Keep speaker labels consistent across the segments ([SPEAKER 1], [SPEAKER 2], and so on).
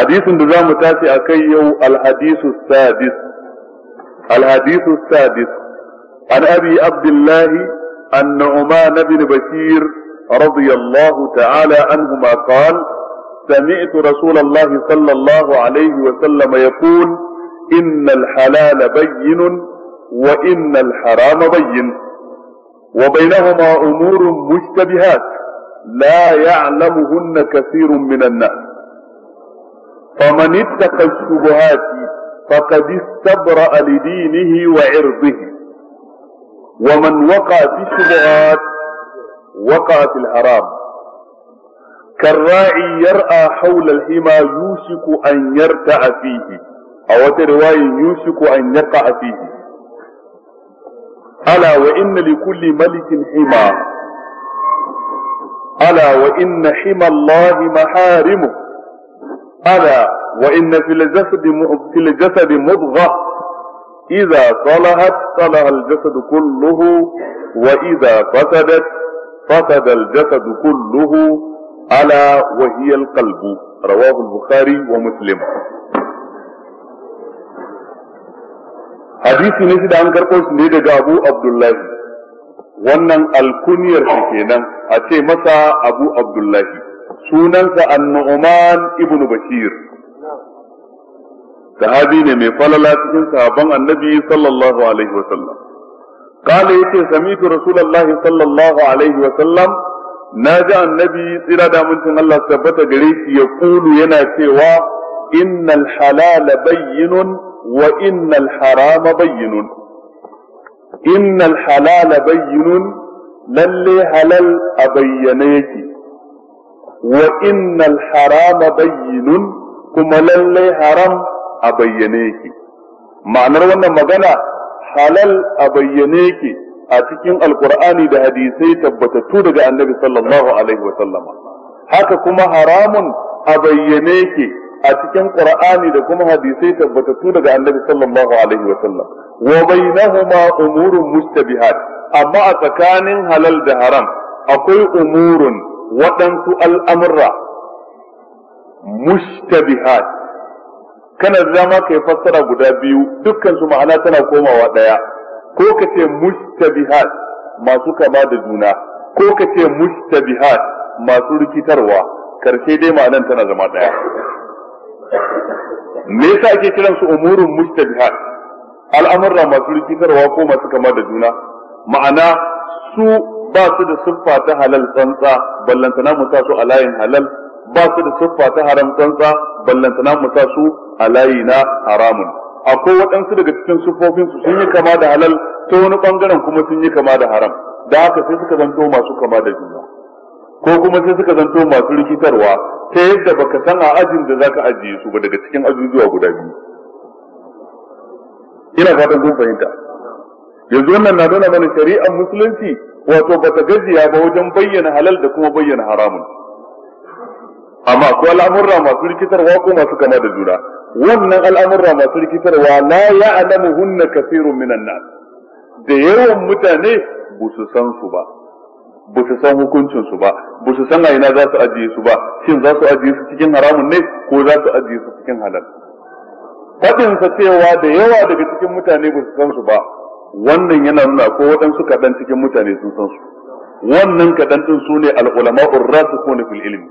[SPEAKER 1] hadisin da zamu tashi akai yau al-hadisu sadis al sadis
[SPEAKER 2] an abi abdullahi أن نعمان بن بشير رضي الله تعالى عنهما قال سمعت رسول الله صلى الله عليه وسلم يقول إن الحلال بين وإن الحرام بين وبينهما أمور مشتبهات لا يعلمهن كثير من الناس فمن اتقى الشبهات فقد استبرأ لدينه وعرضه ومن وقع في الشبهات وقع في الحرام كالراعي يرعى حول الحمى يوشك أن يرتع فيه أو رواية يوشك أن يقع فيه ألا وإن لكل ملك حمى ألا وإن حمى الله محارمه ألا وإن في الجسد في الجسد مضغة إذا صلحت صلح الجسد كله وإذا فسدت فسد الجسد كله ألا وهي القلب رواه البخاري ومسلم hadisi ne shi da an karɓo shi ne daga Abu Abdullahi wannan alkuniyar shi kenan a ce masa Abu Abdullahi sunansa annu'man ibnu bashir sahabi ne mai falala cikin sahabban annabi sallallahu alaihi wa sallam kale yace samitu rasulullahi sallallahu alaihi wa sallam na ji annabi tsira da mutum Allah tabbata gare shi ya kulu yana cewa innal halala bayyinun wa innal harama bayyinun innal halala bayyinun lalle halal a bayyane yake wa innal harama bayyinun kuma lallai haram a bayyane yake ma'anar wannan magana halal a bayyane yake a cikin alkur'ani da hadisai tabbatattu daga annabi sallallahu alaihi wa sallama haka kuma haramun a bayyane yake a cikin qur'ani da kuma hadisai tabbatattu daga annabi sallallahu alaihi wa sallam wa bainahuma umurun mustabihat amma a tsakanin halal da haram akwai umurun waɗansu al'amurra mushtabihat kana zama ka yi fassara guda biyu dukkan ma'ana tana komawa ɗaya ko ka ce mushtabihat masu kama da juna ko ka ce mushtabihat masu rikitarwa karshe dai ma'anan tana zama ɗaya me yasa ake kiran su umurun mushtabihat al'amurra masu rikitarwa ko masu kama da juna ma'ana su ba su da siffa ta halal tsantsa ballantana mu sa su a layin halal ba su da siffa ta haram tsantsa ballantana mu sa su a layi na haramun akwai waɗansu daga cikin siffofin su sun yi kama da halal ta wani bangaren kuma sun yi kama da haram da haka sai suka zanto masu kama da juna ko kuma sai suka zanto masu rikitarwa ta yadda baka san a ajin da zaka ajiye su ba daga cikin ajujuwa guda biyu ina fatan kun fahimta yanzu wannan na nuna mana shari'ar musulunci wato ba ta gajiya ba wajen bayyana halal da kuma bayyana haramun amma ko al'amurra masu rikitarwa ko masu kama da juna wannan al'amurra masu rikitarwa la ya'lamuhunna kathirun minan nas da yawan mutane ba su san su ba ba su san hukuncin su ba ba san a ina za su ajiye su ba shin za su ajiye su cikin haramun ne ko za su ajiye su cikin halal faɗinsa cewa da yawa daga cikin mutane ba su san su ba wannan yana nuna ko waɗansu kaɗan cikin mutane sun san su wannan kaɗan ɗin su ne ko na fil ilmi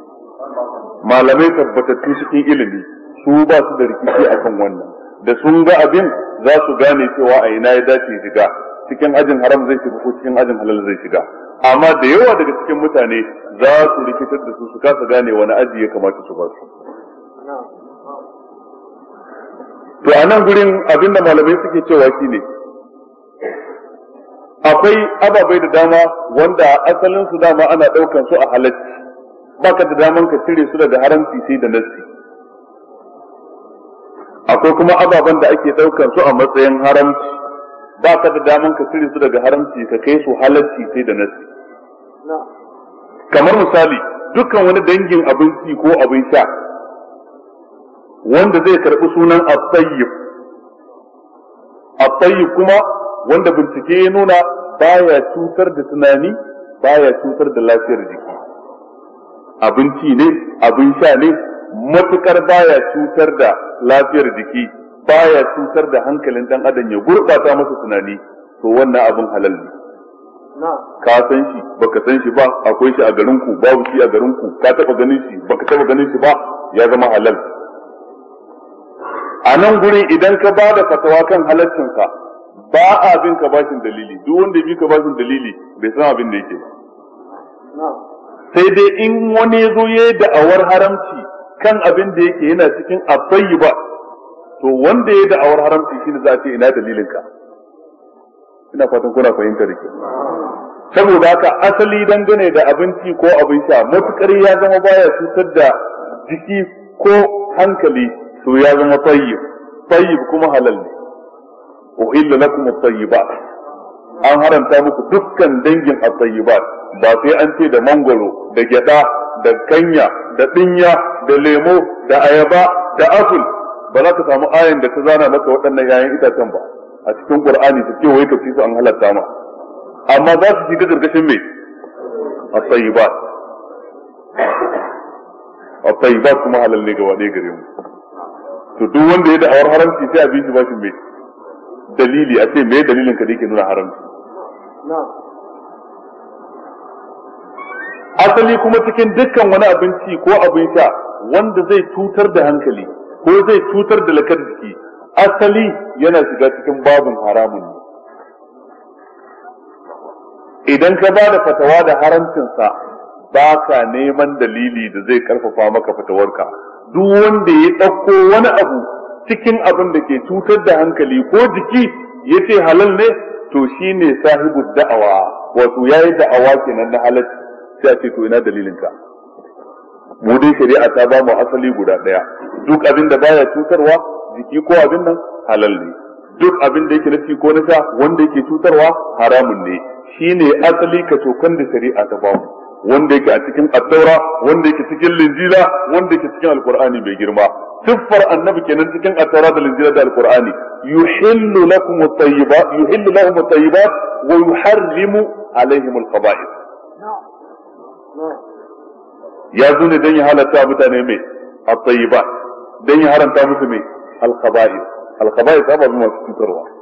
[SPEAKER 2] malamai tabbatattu cikin ilimi su ba su da rikici akan wannan da sun ga abin za su gane cewa a ina ya dace shiga cikin ajin haram zai shiga ko cikin ajin halal zai shiga amma da yawa daga cikin mutane za su rikitar da su su kasa gane wani aji ya kamata su ba su to anan gurin abinda malamai suke cewa shine akwai ababai da dama wanda asalin su dama ana daukan su a halacci baka da daman ka cire su daga haramci sai da nassi akwai kuma ababan da ake daukan su a matsayin haramci baka da daman ka cire su daga haramci ka kai su halacci sai da nassi kamar misali dukkan wani dangin abinci ko abin sha wanda zai karbi sunan at-tayyib at-tayyib kuma wanda bincike ya nuna baya cutar da tunani baya cutar da lafiyar jiki abinci ne abin sha ne matukar baya cutar da lafiyar jiki baya cutar da hankalin dan adam ya gurbata masa tunani to wannan abin halal
[SPEAKER 1] ne ka san
[SPEAKER 2] shi baka san shi ba akwai shi a garin ku babu shi a garin ku ka taba ganin shi baka taba ganin shi ba ya zama halal a nan guri idan ka bada fatawa kan halaccinsa ba a bin ka bashin dalili duk wanda bi ka bashin dalili bai san abin da yake ba sai dai in wani zo ya da'awar haramci kan abin da yake yana cikin abayi ba to wanda ya da'awar haramci shine za a ce ina dalilin ka ina fatan kuna fahimta da ke saboda haka asali dangane da abinci ko abin sha matukar ya zama baya cutar da jiki ko hankali to ya zama tayyib tayyib kuma halal ne uhilla lakum at-tayyibat an haranta muku dukkan dangin at-tayyibat ba sai an ce da mangoro da gyada da kanya da dinya da lemo da ayaba da apple ba za ka samu ayin da ta zana maka waɗannan yayan itacen ba a cikin qur'ani ta ce wai ka ci su an halatta ma amma za su shiga gargashin me at-tayyibat at-tayyibat kuma halal ne gaba ɗaya gare mu to duk wanda ya da'awar haramci sai a bi shi bashin mai dalili a ce mai dalilin ka nuna haramci asali kuma cikin dukkan wani abinci ko abin sha wanda zai cutar da hankali ko zai cutar da lakar jiki asali yana shiga cikin babin haramun ne idan ka ba da fatawa da haramcinsa ba ka neman dalili da zai karfafa maka fatawarka duk wanda ya ɗauko wani abu cikin abin da ke cutar da hankali ko jiki ya ce halal ne to shi ne sahibu da'awa wato yi da'awa kenan na halal sai a ce to ina dalilin ka mu dai shari'a ta ba mu asali guda daya duk abin da baya cutarwa jiki ko abin nan halal ne duk abin da yake nafi ko na sha wanda yake cutarwa haramun ne shine asali ka tokan da shari'a ta ba mu wanda yake a cikin addaura wanda yake cikin linjila wanda yake cikin alqur'ani mai girma siffar annabi kenan cikin addaura da linjila da alqur'ani yuhillu lakum at-tayyibat yuhillu lahum at-tayyibat wa yuharrimu alaihim al-qaba'ith ya zo ne dan ya halatta mutane mai at-tayyibat dan ya haranta musu mai al-qaba'ith al-qaba'ith ababu masu cutarwa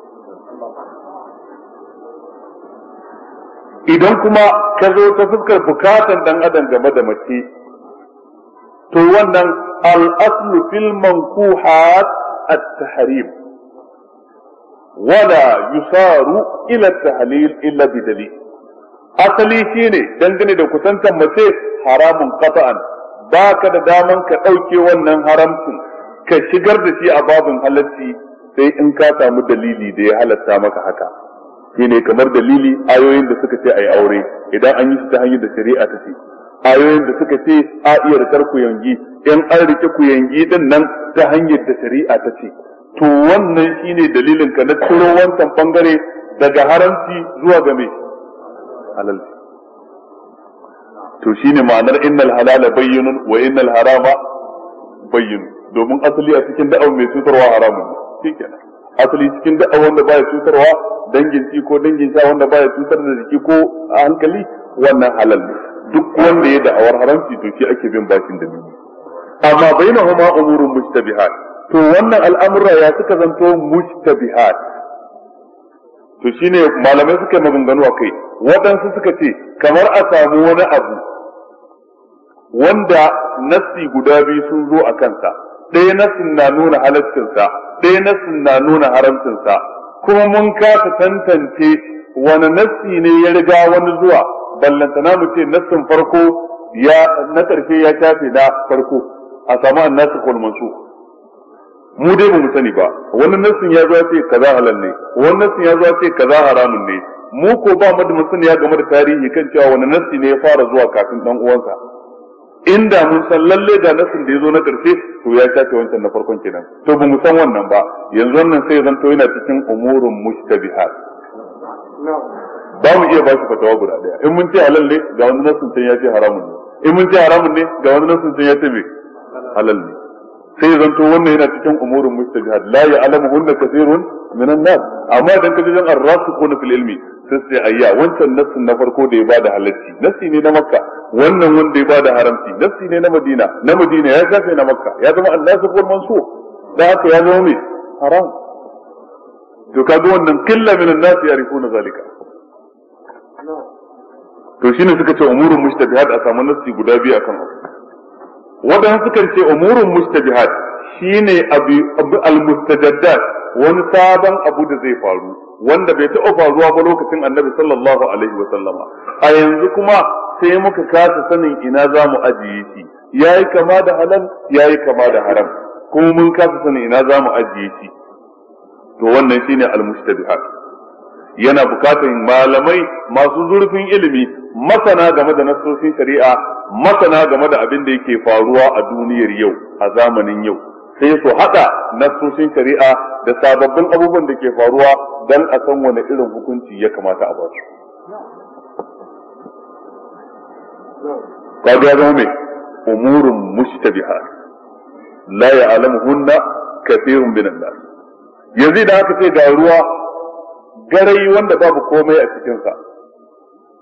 [SPEAKER 2] idan kuma ka zo ta fuskar bukatan dan adam game da mace to wannan al'aslu fil manquhat at-tahrim wala yusaru ila tahlil illa bi dalil asali shine dangane da kusantan mace haramun qata'an baka da daman ka dauke wannan haramcin ka shigar da shi a babin halatti sai in ka samu dalili da ya halatta maka haka shine kamar dalili ayoyin da suka ce a yi aure idan an yi su ta hanyar da shari'a ta ce ayoyin da suka ce a iya rikar ku yangi in an rike ku yangi din nan ta hanyar da shari'a ta ce to wannan shine dalilin ka na ciro wancan bangare daga haramci zuwa ga mai halal to shine ma'anar innal halala bayyinun wa innal harama bayyinun domin asali a cikin da'aw mai cutarwa haramun shikenan asali cikin da'awa wanda baya cutarwa dangin ci ko dangin sha wanda baya cutar da jiki ko a hankali wannan halal ne duk wanda ya da'awar haramci to shi ake bin bakin da biyu amma huma umurun mujtabihat to wannan al'amura ya suka zanto mujtabihat to shine malamai suka maganganu a kai waɗansu suka ce kamar a samu wani abu wanda nassi guda biyu sun zo a kansa ɗaya nassin na nuna halaccinsa ɗaya nassin na nuna haramcinsa kuma mun kasa tantance wani nassi ne ya riga wani zuwa ballantana mu ce nassin farko ya na ƙarshe ya shafe na farko a samu annasu kul mansu mu dai ba mu sani ba wani nassin ya zuwa ce kaza halal ne wani nassin ya zuwa ce kaza haramun ne mu ko ba mu da masaniya game da tarihi kan cewa wani nassi ne ya fara zuwa kafin dan uwansa inda mun san lalle ga nassin da ya zo na ƙarshe to ya shafe wancan na farkon kenan to ba mu san wannan ba yanzu wannan sai zan to yana cikin umurun mushtabihat ba mu iya ba shi fatawa guda daya in mun ce halal ne ga wani nasu sun ya ce haramun ne in mun ce haramun ne ga wani nasu sun ya ce me halal ne sai zan to wannan yana cikin umurun mushtabihat la alamu hunna kathirun minan nas amma dan ka ji ko na fil ilmi sai su ayya wancan nassin na farko da ya bada halacci nassi ne na makka wannan wanda ya bada haramci nassi ne na madina na madina ya zafe na makka ya zama allah annasu wal mansur da aka ya zama mai haram to ka kaga wannan killa min ya nas na zalika to shine suka ce umurun mustabihat a samu nassi guda biyu akan haka wadannan suka ce umurun mustabihat shine abu al-mustajaddat wani sabon abu da zai faru wanda bai taɓa faruwa ba lokacin annabi sallallahu alaihi wa sallama a yanzu kuma sai muka kasa sanin ina za mu ajiye shi yayi kama da halal yayi kama da haram kuma mun kasa sanin ina za mu ajiye shi to wannan shine al yana bukatar malamai masu zurfin ilimi masana game da nasoshin shari'a masana game da abin da yake faruwa a duniyar yau a zamanin yau sai su haɗa nasoshin shari'a da sababbin abubuwan da ke faruwa dan a san wani irin hukunci ya kamata a basu.
[SPEAKER 1] Kaga zama mai
[SPEAKER 2] umurun mushtabiha la hunna kathirun minan nas. Yanzu da aka ce ga ruwa garai wanda babu komai a cikinsa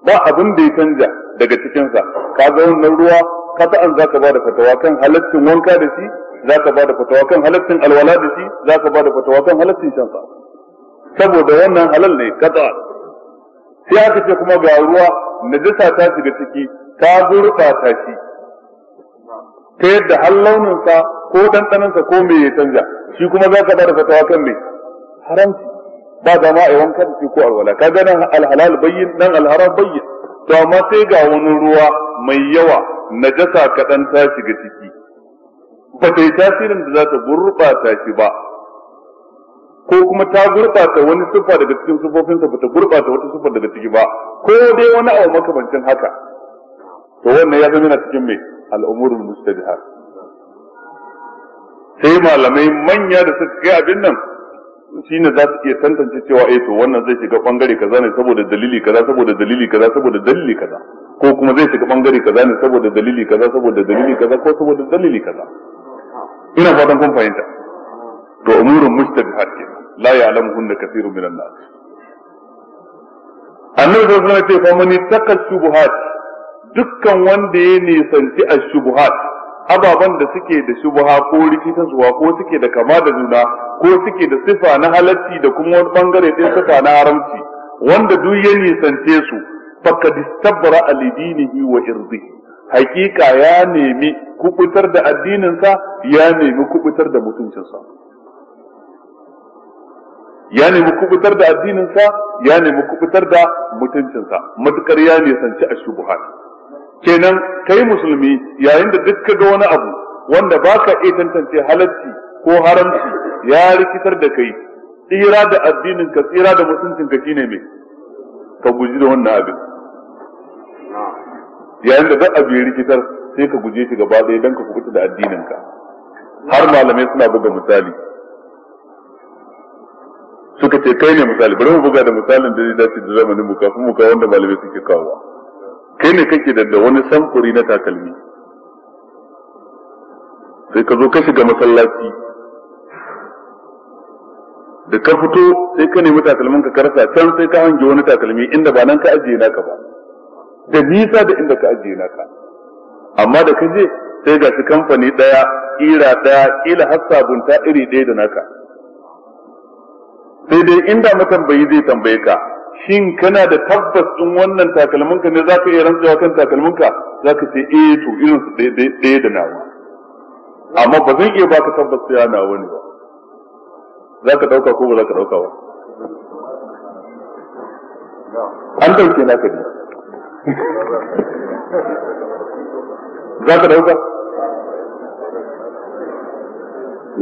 [SPEAKER 2] ba abin da ya canja daga cikinsa kaga wannan ruwa kada an zaka ba da fatawa kan halaccin wanka da shi za ka bada fatawa kan halaccin alwala da shi za ka bada fatawa kan halaccin shan saboda wannan halal ne kada sai aka ce kuma ga ruwa najasa ta shiga ciki ta gurɓata shi ta yadda har launinsa ko ɗanɗanansa ko me ya canja shi kuma za ka bada fatawa kan me haramci ba da ma a wanka da shi ko alwala ka ga nan alhalal bayyin nan alharam bayyin to amma sai ga wani ruwa mai yawa najasa kaɗan ta shiga ciki ba ta yi tasirin da za ta gurɓata shi ba ko kuma ta gurɓata wani siffa daga cikin siffofinsa ba ta gurɓata wata siffa daga ciki ba ko dai wani abu makamancin haka to wannan ya zama yana cikin mai al'umurul har. sai malamai manya da suka kai abin nan shine za su iya tantance cewa eh to wannan zai shiga bangare kaza ne saboda dalili kaza saboda dalili kaza saboda dalili kaza ko kuma zai shiga bangare kaza ne saboda dalili kaza saboda dalili kaza ko saboda dalili kaza ina fatan kun fahimta to umurun mustabihat ke la ya'lamuhunna kathirun minan nas annabi sallallahu alaihi wasallam ya ce fa man ittaqa shubuhat dukkan wanda ya nisanci ash-shubuhat ababan da suke da shubuha ko rikitarwa ko suke da kama da juna ko suke da sifa na halacci da kuma wani bangare ɗin sifa na haramci wanda duk ya nisance su faqad istabra al-dinihi wa irdihi hakika ya nemi kubutar da addininsa ya nemi kubutar da mutuncinsa ya nemi kubutar da addininsa ya nemi kubutar da mutuncinsa matukar ya nisanci a shubuhat kenan kai musulmi yayin da duk ga wani abu wanda baka iya tantance halacci ko haramci ya rikitar da kai tsira da addininka tsira da mutuncinka shine mai ka guji da wannan abin yayin da za a ya rikitar sai ka guje shi gaba ɗaya don ka kuɓuta da addininka har malamai suna buga misali suka ce kai ne misali bari mu buga da misalin da zai dace da zamanin muka, kuma muka wanda malamai suke kawo kai ne kake da da wani samfuri na takalmi sai ka zo ka shiga masallaci da ka fito sai ka nemi takalmin ka karsa can sai ka hange wani takalmi inda ba nan ka ajiye naka ba da nisa da inda ka ajiye naka amma da ka je sai ga shi kamfani ɗaya ƙira ɗaya ƙila har sabunta iri ɗaya da naka sai dai inda matambayi zai tambaye ka shin kana da tabbas ɗin wannan takalminka ne za ka iya rantsewa kan takalminka za ka ce eh to irin su ɗaya da nawa amma ba zan iya baka tabbas ya nawa ne ba za ka ɗauka ko ba za ka ɗauka ba an ɗauke naka ne
[SPEAKER 1] za ka dauka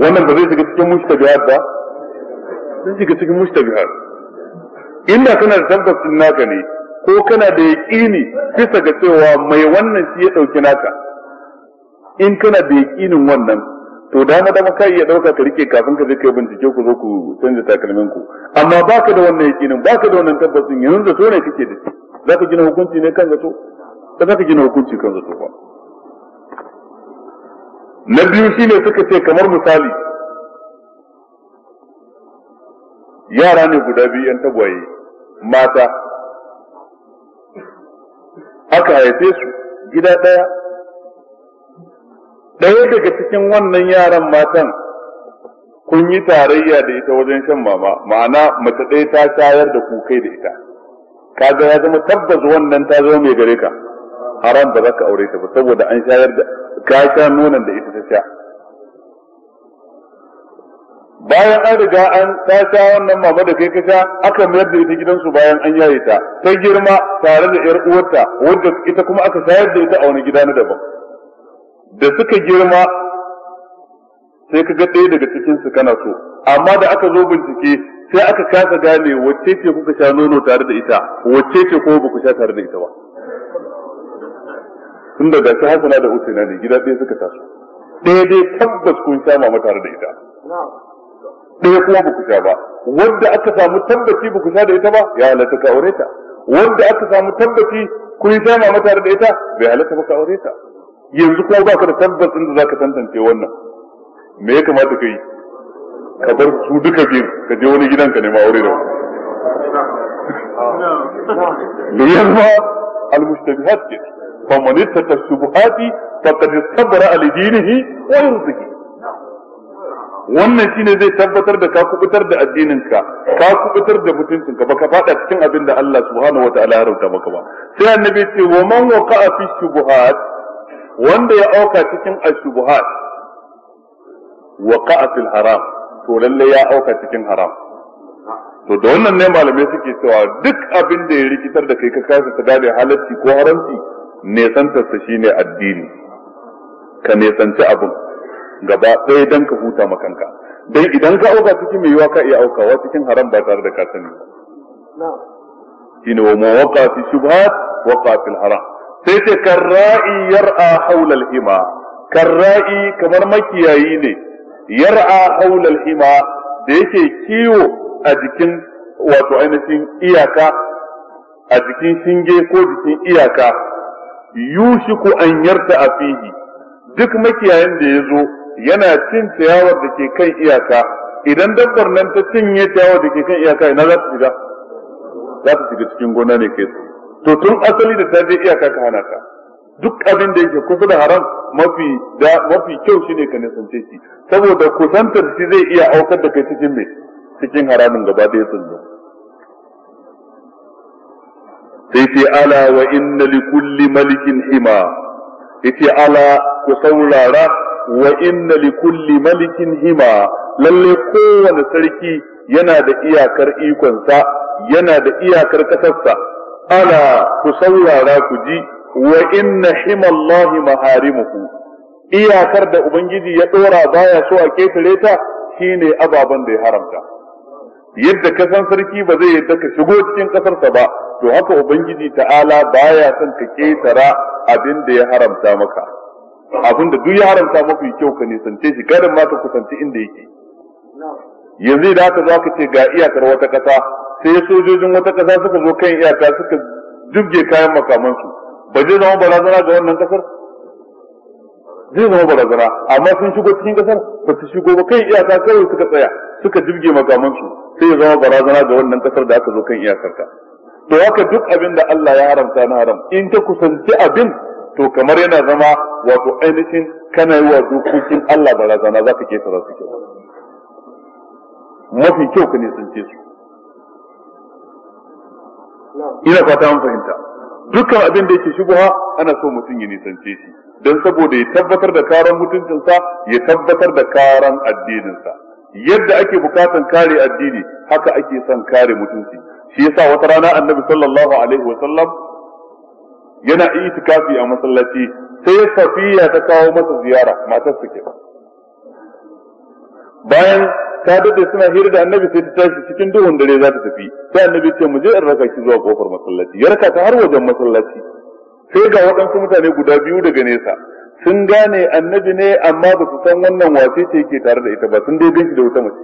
[SPEAKER 1] wannan ba
[SPEAKER 2] zai shiga cikin mushtabihat ba zai shiga cikin mushtabihat inda kana da tabbas naka ne ko kana da ne, bisa ga cewa mai wannan shi ya ɗauki naka in kana da yaqinin wannan to dama dama ka iya ɗauka ka rike kafin ka je kai bincike ku zo ku canza takalmin ku
[SPEAKER 1] amma baka da
[SPEAKER 2] wannan yaqinin baka da wannan tabbacin yanzu da so ne kake da shi za ka gina hukunci ne kan zato ba za ka gina hukunci kan zato ba na biyu ne suka ce kamar misali yara ne guda biyu yan tagwaye mata aka haife su gida ɗaya ɗaya daga cikin wannan yaran matan kun yi tarayya da ita wajen shan mama ma'ana mace ɗaya ta shayar da kukai da ita kaga ya zama tabbas wannan ta zama mai gare ka haram ba za ka aure ta ba saboda an shayar da ka sha nonon da ita ta sha bayan an riga an ta sha wannan mama da kai ka sha aka mayar da ita gidansu bayan an yaye ta ta girma tare da yar uwarta wadda ita kuma aka shayar da ita a wani gida na daban da suka girma sai ka ga ɗaya daga cikinsu kana so amma da aka zo bincike sai aka kasa gane wacce ce kuka sha nono tare da ita wacce ce ko ba ku sha tare da ita ba tun da gashi hasana da usaina ne gida ɗaya suka taso ɗaya dai tabbas kun sha mama tare da ita ɗaya kuma ba ku sha ba wanda aka samu tabbaci ba ku sha da ita ba ya halatta ka aure ta wanda aka samu tabbaci kun sha mama tare da ita bai halatta ba ka aure ta yanzu kuma ba ka da tabbacin da za ka tantance wannan me ya kamata ka yi ka bar su duka biyu ka je wani gidanka ka nema aure da wani domin ma al-mustabihat ke ta man ittaka shubuhati faqad istabra ala dinihi wa irdihi wannan shine zai tabbatar da ka kubutar da addininka ka kubutar da mutuncinka ka fada cikin abin da Allah subhanahu wataala ya rubuta maka ba sai annabi ce wa man waqa'a fi shubuhat wanda ya auka cikin ashubuhat waqa'a fil haram to lalle ya auka cikin haram
[SPEAKER 1] to da wannan ne malamai
[SPEAKER 2] suke cewa duk abin da ya rikitar da kai ka kasa ta dade halarci ko haramci nesantarsa shine addini ka nesanci abin gaba ɗaya don ka huta ma kanka dan idan ka auka cikin mai yiwa ka iya aukawa cikin haram ba tare da ka sani ba shine wa mawaqa fi shubhat haram sai ce karra'i yar'a haula al-hima karra'i kamar makiyayi ne yar'a haula al-hima da yake kiwo a jikin wato ainihin iyaka a jikin shinge ko jikin iyaka yushiku an yarta a fihi duk makiyayin da ya zo yana cin ciyawar da ke kan iyaka idan dabbar nan ta cinye ciyawar da ke kan iyaka ina za ta shiga za ta shiga cikin gona ne kai to tun asali da ta je iyaka ka hana ka. duk abin da yake kusa da haram mafi da mafi kyau shine ka nisance shi saboda kusantar shi zai iya aukar da kai cikin mai cikin haramin gaba da sun zo sai ce ala wa inna li kulli malikin hima yace ala ku saurara wa inna li kulli malikin hima lalle kowane sarki yana da iyakar ikonsa yana da iyakar kasarsa ala ku saurara ku ji wa inna himallahi maharimuhu iyakar da ubangiji ya dora baya so a ketare ta shine ababan da ya haramta yadda kasan sarki ba zai yadda ka shigo cikin kasarsa ba to haka ubangiji ta'ala baya son ka ketara abin da ya haramta maka abin da duk ya haramta mafi kyau ka nisance shi garin ma ka kusanci inda yake yanzu da haka za ka ce ga iyakar wata ƙasa sai sojojin wata ƙasa suka zo kan iyaka suka jibge kayan makamansu ba zai zama barazana ga wannan kasar zai zama barazana amma sun shigo cikin kasar ba su shigo ba kai iyaka kawai suka tsaya suka jibge makamansu sai ya zama barazana ga wannan kasar da aka zo kan iyakarka to haka duk abin da Allah ya haramta na haram in ta kusanci abin to kamar yana zama wato ainihin kana yi wa dokokin Allah barazana za ka kesa su kyau mafi kyau ka nisance su ina fata mun fahimta dukkan abin da yake shubuha ana so mutum ya nisance shi don saboda ya tabbatar da karan mutuncinsa ya tabbatar da karan addininsa yadda ake bukatan kare addini haka ake son kare mutunci shi yasa wata rana annabi sallallahu alaihi wa sallam yana itikafi a masallaci sai safiya ta kawo masa ziyara matar su ke bayan ta dade suna hira da annabi sai ta tashi cikin duhun dare za ta tafi sai annabi ce mu je in raka ki zuwa kofar masallaci ya raka ta har wajen masallaci sai ga waɗansu mutane guda biyu daga nesa sun gane annabi ne amma ba su san wannan wace ce yake tare da ita ba sun dai ganshi da wata mace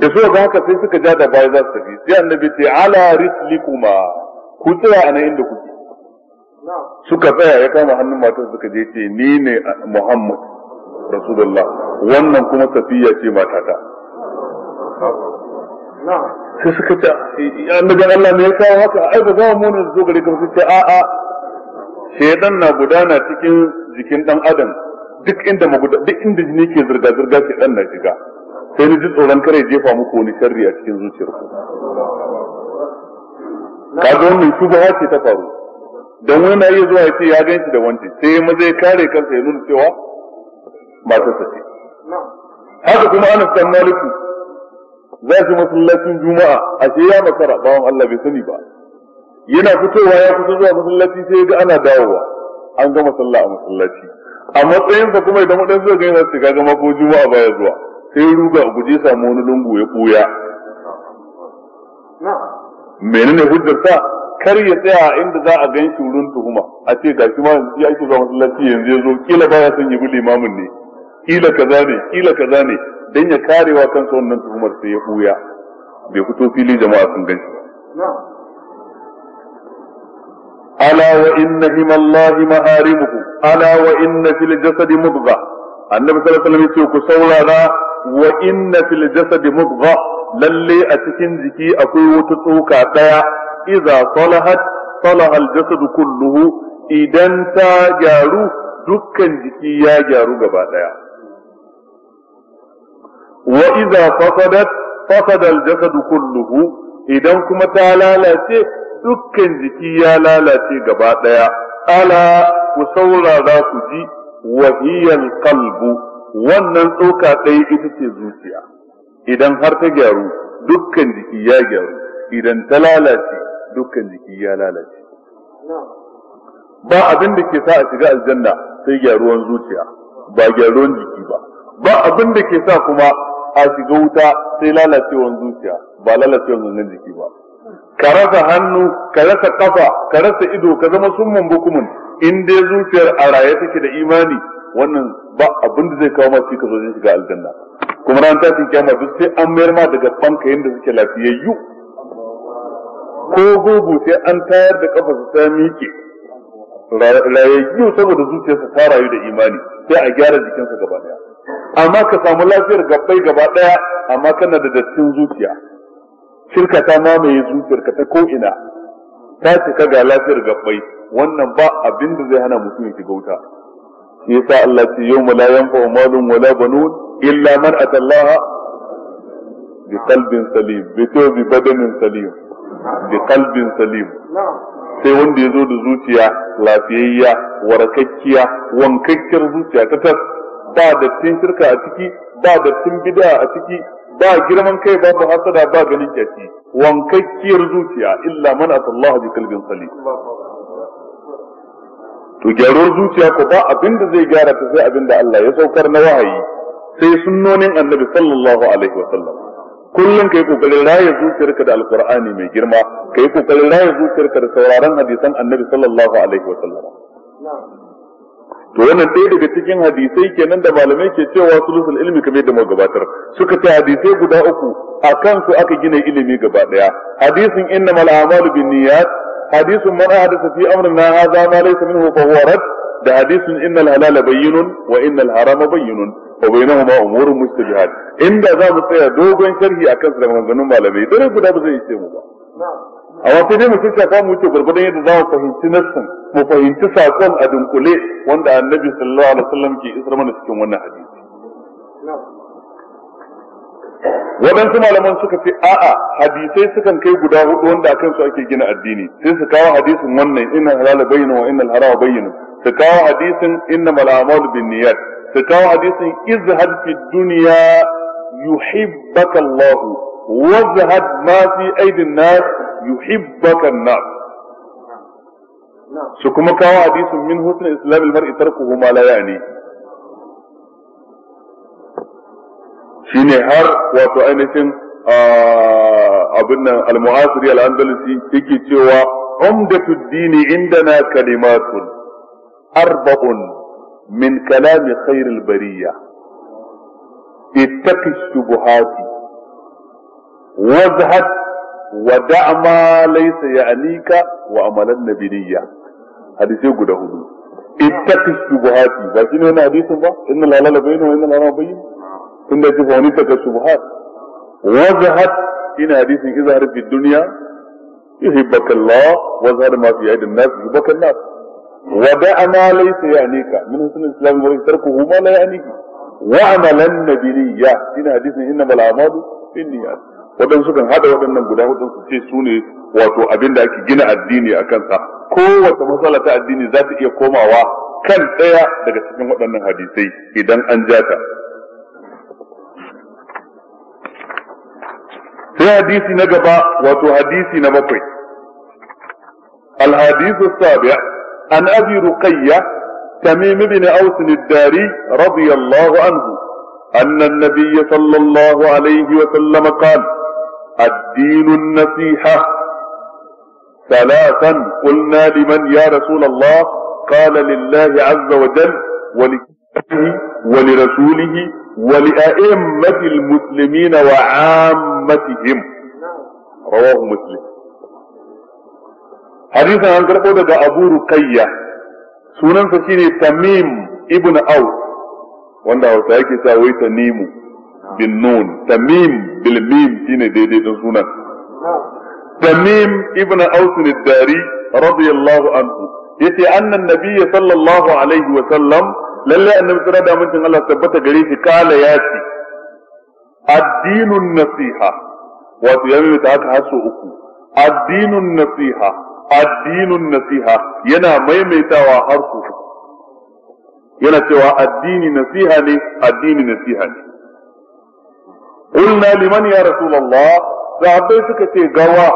[SPEAKER 2] da so ga haka sai suka ja da baya za su tafi sai annabi ce ala rislikuma ku tsaya a nan inda kuke suka tsaya ya kama hannun matar suka je ce ni ne muhammad rasulullah wannan kuma safiya ce matata sai suka ce
[SPEAKER 1] annabin Allah ne ya kawo haka
[SPEAKER 2] ai ba za mu mun zo gare ka sai ce a a shedan na gudana cikin jikin dan adam duk inda maguda duk inda jini ke zirga zirga ke dan na shiga sai ni ji tsoron kare jefa muku wani sharri a cikin zuciyarku kaga wannan shubha ce ta faru dan wani na iya zuwa ya ce ya ganshi da wanti sai maza ya kare kansa ya nuna cewa matarsa ce
[SPEAKER 1] haka kuma ana san Maliki
[SPEAKER 2] za su masallacin Juma'a ashe ya makara bawan Allah bai sani ba
[SPEAKER 1] yana fitowa ya fito
[SPEAKER 2] zuwa masallaci sai ga ana dawowa an gama sallah a masallaci a matsayinsa kuma idan waɗansu zai gani zasu su gama ko Juma'a baya zuwa sai ruga a guje samu wani lungu ya ɓuya menene hujjar sa kar ya tsaya inda za a gan shi wurin tuhuma a ce gashi ma yanzu ake zuwa masallaci yanzu ya zo kila baya son ya bi limamin ne kila kaza ne kila kaza ne dan ya karewa kansa wannan tuhumar sai ya buya bai fito fili jama'a sun ganshi ba ala wa inna himallahi ma'arimuhu ala wa inna fil jasadi mudghah annabi sallallahu alaihi wasallam ku saurara wa inna fil jasadi mudghah lalle a cikin jiki akwai wata tsoka daya idza salahat salaha al jasad kulluhu idan ta gyaru dukkan jiki ya gyaru gaba ɗaya. wa idza fasadat fasada al-jasad kulluhu idan kuma ta lalace dukkan jiki ya lalace gaba daya ala ku za ku ji wahiyan qalbu wannan tsoka ɗaya ita ce zuciya idan har ta gyaru dukkan jiki ya gyaru idan ta lalace dukkan jiki ya lalace ba abin da ke sa a shiga aljanna sai gyaruwan zuciya ba gyaruwan jiki ba ba abin da ke sa kuma a shiga wuta sai lalacewar zuciya ba lalacewar gangan jiki ba ka rasa hannu ka rasa kafa ka rasa ido ka zama summun bukumin in dai zuciyar a raye take da imani wannan ba abin da zai kawo ma cikas wajen shiga aljanna kuma ran ta cikin kyamar duk sai an mayar ma daga banka yadda suke lafiyayyu ko gogo sai an tayar da kafa su ta miƙe rayayyu saboda zuciyarsa ta rayu da imani sai a gyara jikinsa gaba daya amma ka samu lafiyar gabbai gaba ɗaya, amma kana da dattin zuciya shirka ta mamaye zuciyarka ta ko ina ta cika ga lafiyar gabbai wannan ba abin da zai hana mutum ya shiga shi yasa Allah ce yawma la yanfa'u malun wala banun illa man atallaha bi qalbin salim bi tawbi badanin salim bi qalbin salim sai wanda ya zo da zuciya lafiyayya warakakkiya wankakkiyar zuciya ta tas ba dattin shirka a ciki ba dattin bid'a a ciki ba girman kai babu hasada ba ganin kyaki, wankakkiyar zuciya illa man atallaha bi qalbin salim to gyaruwar zuciya ko ba abinda zai gyara ta sai abinda Allah ya saukar na wahayi sai sunnonin annabi sallallahu alaihi wasallam kullum kai kokarin raya zuciyarka da alqur'ani mai girma kai kokarin raya zuciyarka da sauraron hadisan annabi sallallahu alaihi wasallam to wannan ɗaya daga cikin hadisai kenan da malamai ke cewa sulusul ilmi kamar yadda muka gabatar suka ce hadisai guda uku a kansu aka gina ilimi gaba ɗaya hadisin innamal a'malu binniyat hadisin man ahdatha fi amrina hadha ma laysa minhu fa huwa rad da hadisin innal halala bayyinun wa innal harama bayyinun wa bainahuma umurun mustabihat inda za mu tsaya dogon sharhi akan su da maganganun malamai dare guda ba zai ishe mu ba a wata dai mutum shafa mu wuce gurgurdan yadda za mu fahimci nassin mu fahimci sakon a dunkule wanda annabi sallallahu alaihi wasallam ke isar mana cikin wannan hadisi waɗansu malaman suka ce a'a hadisai sukan kai guda hudu wanda akan su ake gina addini sai su kawo hadisin wannan inna halal bayyana wa inna haram bayyana su kawo hadisin inna mal'amal bin niyyat su kawo hadisin izhad fi dunya yuhibbaka Allah wa zahad ma fi aidin nas يحبك الناس
[SPEAKER 1] نعم. شو كما كان
[SPEAKER 2] حديث من حسن اسلام المرء تركه ما لا يعني شيني هر واتو اينيسن آه، ابن المعاصري الاندلسي تيجي تيوا عمدة الدين عندنا كلمات أربع من كلام خير البرية اتقي الشبهات وازهد ودع ما ليس يعنيك وعملن بنية حديثي قد هدو اتق الشبهات فاشين هنا حديث با ان الهلال بين وان الهلال بين ثم يجب ان اتق الشبهات وزهت ان حديث اذا في الدنيا يحبك الله وظهر ما في عيد الناس يحبك الناس ودع ما ليس يعنيك من حسن الاسلام وإن تركه ما لا يعنيك وعملن بنية ان حديث انما الاعمال بالنيات waɗansu suka hada waɗannan guda hudun su ce su ne wato abin da ake gina addini a kansa kowace matsala ta addini za ta iya komawa kan ɗaya daga cikin waɗannan hadisai idan an ja ta sai hadisi na gaba wato hadisi na bakwai الحديث السابع عن أبي رقية تميم بن أوس الداري رضي الله عنه أن النبي صلى الله عليه وسلم قال الدين النصيحة ثلاثا قلنا لمن يا رسول الله قال لله عز وجل ولكتابه ولرسوله ولأئمة المسلمين وعامتهم رواه مسلم حديثا عن كربودة أبو رقية سنن سكيني تميم ابن أوس وانا hausa ساوي sa بالنون تميم بالميم هنا دي دي دون تميم ابن أوس الداري رضي الله عنه يتي أن النبي صلى الله عليه وسلم للا أن مثل هذا من الله ثبت قريب قال ياتي الدين النصيحة واتي يمي متعاد حسو أكو الدين النصيحة الدين النصيحة ينا ميميتا وحرسو ينا سوى الدين نصيحة لي الدين نصيحة لي qulna liman ya rasulullah sahabbai suka ce gawa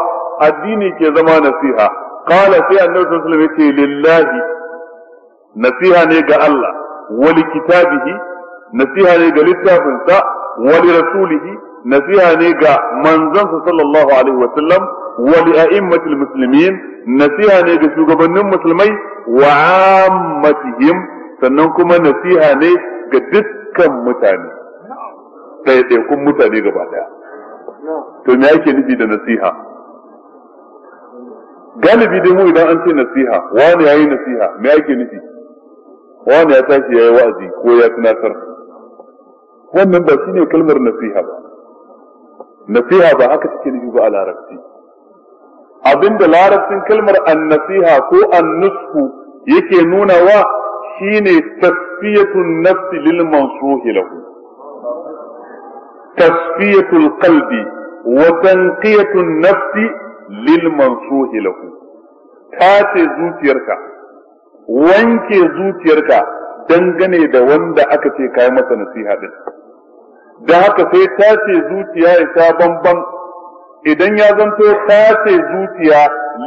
[SPEAKER 2] addini ke zama nasiha qala sai annabi sallallahu alaihi wasallam lillahi nasiha ne ga Allah wali kitabihi, nasiha ne ga littafinsa wali rasulihi nasiha ne ga manzansa sallallahu alaihi wasallam wa a'immatil muslimin nasiha ne ga shugabannin musulmai wa ammatihim sannan kuma nasiha ne ga dukkan mutane ɗaiɗaikun mutane gaba ɗaya to me yake nufi da nasiha galibi dai mu idan an ce nasiha wani yi nasiha me yake nufi wani ya tashi yi wa'azi ko ya tunatar wannan ba shine kalmar nasiha ba nasiha ba haka take nufi ba a larabci abinda larabcin kalmar an nasiha ko an annusku yake nuna wa shine tasfiyatun nafsi lil mansuhi lahu tasfiyatul qalbi wa tanqiyatun nafsi lil mansuhi lahu tace zuciyarka wanke zuciyarka dangane da wanda aka ce kai masa nasiha din da haka sai tace zuciya ya bamban idan ya zanto ce zuciya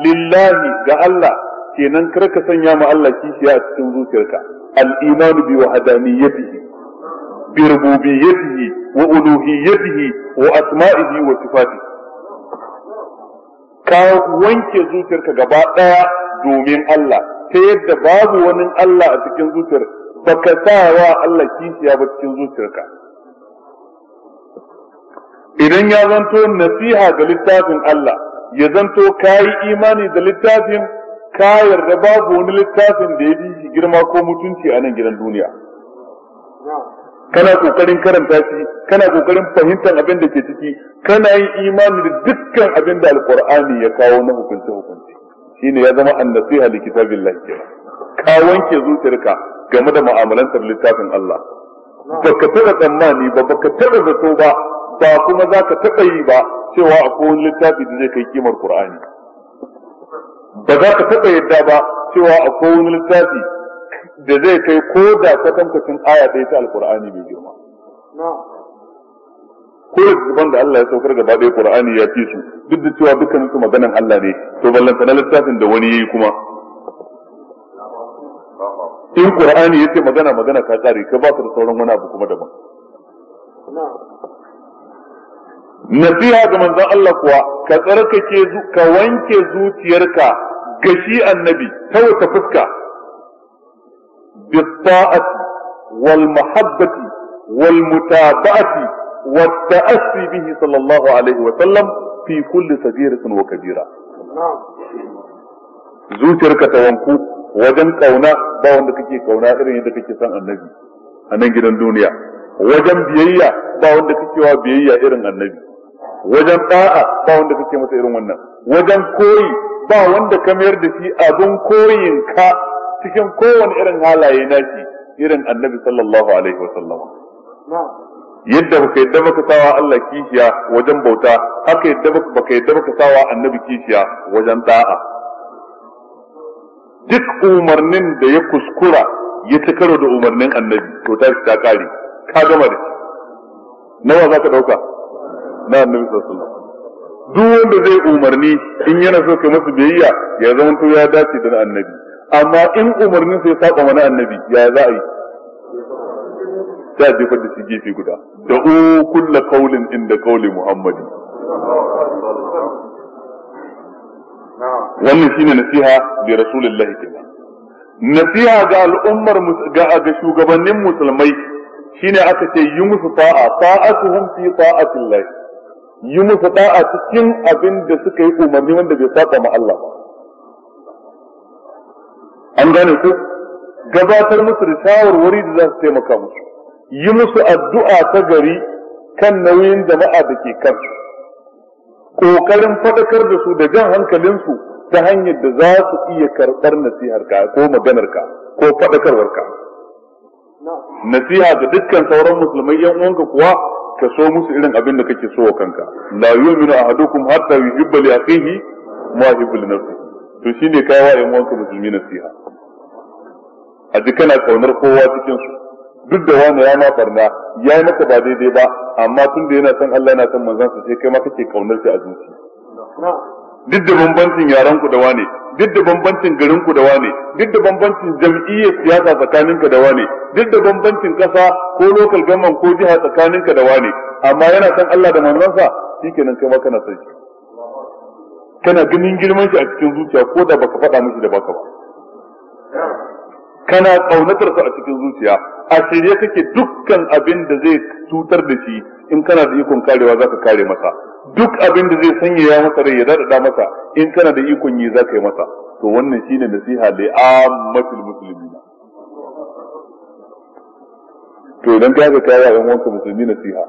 [SPEAKER 2] lillahi ga Allah kenan karka sanya ma Allah kishiya a cikin zuciyarka al-imanu bi wahdaniyyatihi بربوبيته وألوهيته وأسمائه وصفاته ka wanke zuciyarka gaba ɗaya domin Allah ta yadda babu wani Allah cikin zuciyar baka sa wa Allah kishiya ba cikin zuciyarka idan ya zanto nasiha ga littafin Allah ya zanto ka yi imani da littafin ka yarda babu wani littafin da ya bi girma ko mutunci a nan gidan duniya kana kokarin karanta shi kana kokarin fahimtar abin da ke ciki kana yin imani da dukkan abin da alqur'ani ya kawo na hukunce hukunce shine ya zama annasiha li kitabillah ka wanke zuciyarka game da mu'amalantar littafin Allah baka taɓa tsammani ba baka taɓa zato ba ba kuma za ka taɓa yi ba cewa akwai wani littafi da zai kai kimar Qur'ani ba za ka taɓa yadda ba cewa akwai wani littafi da zai kai ko da kwatankwacin aya ya ce alkur'ani mai girma ko da zuban da Allah ya saukar gaba ɗaya qur'ani ya fi su duk da cewa dukkanin su maganan Allah ne to ballanta na littafin da wani yayi kuma
[SPEAKER 1] in qur'ani yace
[SPEAKER 2] magana magana ka kare ka ba su da sauran wani abu kuma daban nasiha ga manzon Allah kuwa ka tsarkake ka wanke zuciyarka gashi annabi ta wata fuska بالطاعة والمحبة والمتابعة والتأسي به صلى الله عليه وسلم في كل صغيرة وكبيرة zuciyarka ta wanku wajen kauna ba wanda kake kauna irin yadda kake son annabi a nan gidan duniya wajen biyayya ba wanda kake wa biyayya irin annabi wajen da'a ba wanda kake masa irin wannan wajen koyi ba wanda ka mayar da shi abin koyin ka cikin kowane irin halaye naki irin annabi sallallahu alaihi wa sallam yadda baka yadda baka sawa Allah kishiya wajen bauta haka yadda baka yadda baka sawa annabi kishiya wajen da'a duk umarnin da ya kuskura ya ci karo da umarnin annabi to ta ta kare ka gama da shi nawa zaka dauka na annabi sallallahu alaihi wa sallam duk wanda zai umarni in yana so ka masa biyayya ya zama to ya dace da annabi amma in umarnin sai saba wani annabi ya za a yi ta jefar da shi gefe guda da o kulla kaulin inda kauli muhammadi wannan shine nasiha bi rasulillahi kenan nasiha ga al'ummar ga ga shugabannin musulmai shine aka ce yi musu ta'a ta'atuhum fi ta'atillah yi musu ta'a cikin abin da suka yi umarni wanda bai saba ma Allah ba an gane ku gabatar musu da shawarwari da za su taimaka musu yi musu addu'a ta gari kan nauyin jama'a da ke kansu ƙoƙarin faɗakar da su da jan hankalinsu ta hanyar da za su iya karɓar nasiharka ko maganarka ko faɗakarwarka nasiha da dukkan sauran musulmai yan uwanka kuwa ka so musu irin abin da kake so wa kanka la yu'minu ahadukum hatta yuhibba li akhihi ma yuhibbu li nafsihi to shine kai wa yan uwanka musulmi nasiha a ji kana kaunar kowa cikin su duk da wani ya ma barna ya yi maka ba daidai ba amma tun da yana san Allah yana son manzon sa sai kai ma kake kaunar shi a zuci
[SPEAKER 1] duk da bambancin yaran
[SPEAKER 2] ku da wane duk da bambancin garin ku da wane duk da bambancin jam'iyyar siyasa tsakaninka da wane duk da bambancin kasa ko local government ko jiha tsakaninka da wane amma yana son Allah da manzon sa shikenan kai ma kana son shi kana ganin girman shi a cikin zuciya ko da baka faɗa mishi da baka ba kana kaunatar su a cikin zuciya a shirye kake dukkan abin da zai cutar da shi in kana da ikon karewa zaka kare masa duk abin da zai sanya ya masa rai ya dada masa in kana da ikon yi zaka yi masa to wannan shine nasiha da ammatul muslimina to idan ka ga kaya yan wanka musulmi nasiha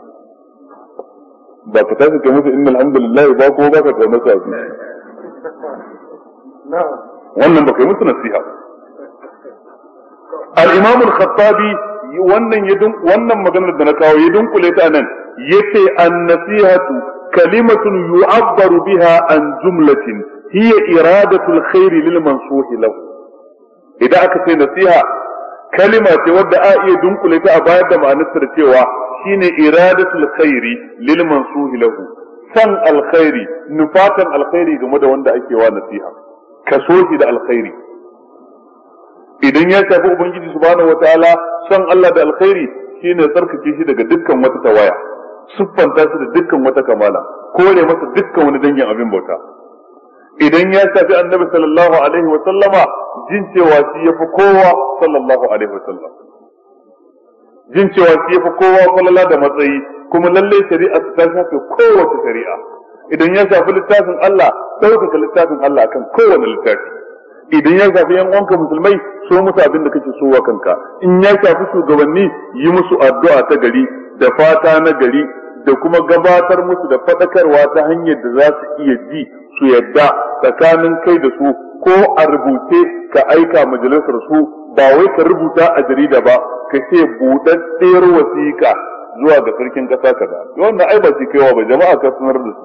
[SPEAKER 2] ba ka tafi ka musu inna alhamdulillah ba ko ba ka kaunar su wannan ba kai musu nasiha ba al-imam wannan wannan maganar da na kawo ya dunkule ta nan yace an-nasihatu kalimatun yu'abbaru biha an jumlatin hiya iradatul khairi lil mansuh lahu idan aka ce nasiha kalima ce wadda a iya dunkule ta a bayar da ma'anar da cewa shine iradatul khairi lil mansuh lahu san alkhairi nufatan alkhairi game da wanda ake wa nasiha kaso shi da alkhairi idan ya shafi ubangiji subhanahu wataala son Allah da alkhairi shine tsarkake shi daga dukkan wata tawaya siffanta shi da dukkan wata kamala kore masa dukkan wani dangin abin bauta idan ya shafi annabi sallallahu alaihi wa sallama jin cewa shi yafi kowa sallallahu alaihi wa sallam jin cewa shi yafi kowa falala da matsayi kuma lalle shari'a ta shafi kowace shari'a idan ya shafi littafin Allah ɗaukaka littafin Allah kan kowane littafi idan ya shafi yan uwanka musulmai so musu abin da kake so wa kanka in ya shafi shugabanni yi musu addu'a ta gari da fata na gari da kuma gabatar musu da faɗakarwa ta hanyar da za su iya ji su yadda tsakanin kai da su ko a rubuce ka aika majalisar su ba wai ka rubuta a jarida ba ka ce buɗaɗɗiyar wasiƙa zuwa ga sarkin ƙasa kaza wannan ai ba shi kaiwa ba jama'a ka sanar da su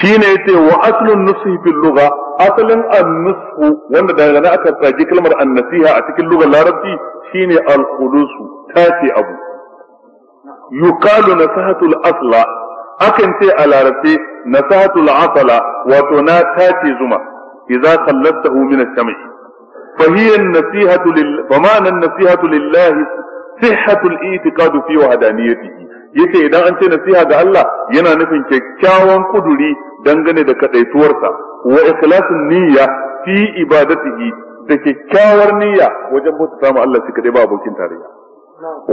[SPEAKER 2] shine yace wa aslun nushi fil lugha asalin an-nushu wanda daga nan aka tsage kalmar an-nasiha a cikin lugar larabci shine al-khulusu tace abu yuqalu nasahatul asla akan ce a larabce nasahatul asla wato na tace zuma idza khallatahu min ash-shami fa hiya an-nasihatu lil fa ma'ana an-nasihatu lillahi sihhatul i'tiqad fi wahdaniyatihi yace idan an ce nasiha ga Allah yana nufin kyakkyawan kuduri dangane da kadaituwarsa wa ikhlasun niyya fi ibadatihi da kyakkyawar niyya wajen bauta samu Allah shi kadai ba abokin tarayya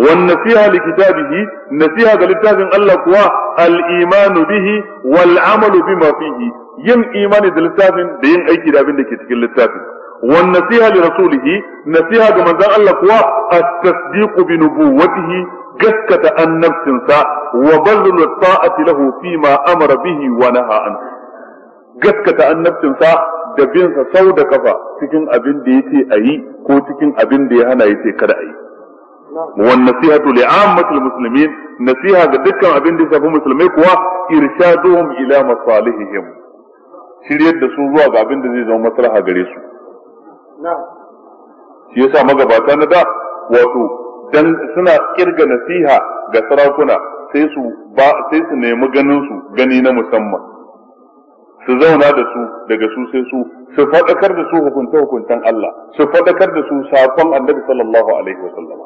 [SPEAKER 2] wan nasiha li kitabihi nasiha ga littafin Allah kuwa al imanu bihi wal amalu bima fihi yin imani da littafin da yin aiki da abin da ke cikin littafin والنصيحة لرسوله نصيحة من ذا الله قوى التصديق بنبوته gaskata annabcinsa wa bazlu ta'ati lahu ma amara bihi wa naha an gaskata annabcinsa da bin sa sau da kafa cikin abin da yake ayi ko cikin abin da ya hana yace kada ayi wa nasihatu li ammatil muslimin nasiha ga dukkan abin da shafi musulmai kuwa irshaduhum ila masalihihim shiryar da su zuwa ga abin da zai zama maslaha gare su shi yasa magabata na da wato dan suna kirga nasiha ga sarakuna sai su ba sai su nemi ganin su gani na musamman su zauna da su daga su sai su su faɗakar da su hukunta hukuntan Allah su faɗakar da su sakon Annabi sallallahu alaihi wasallam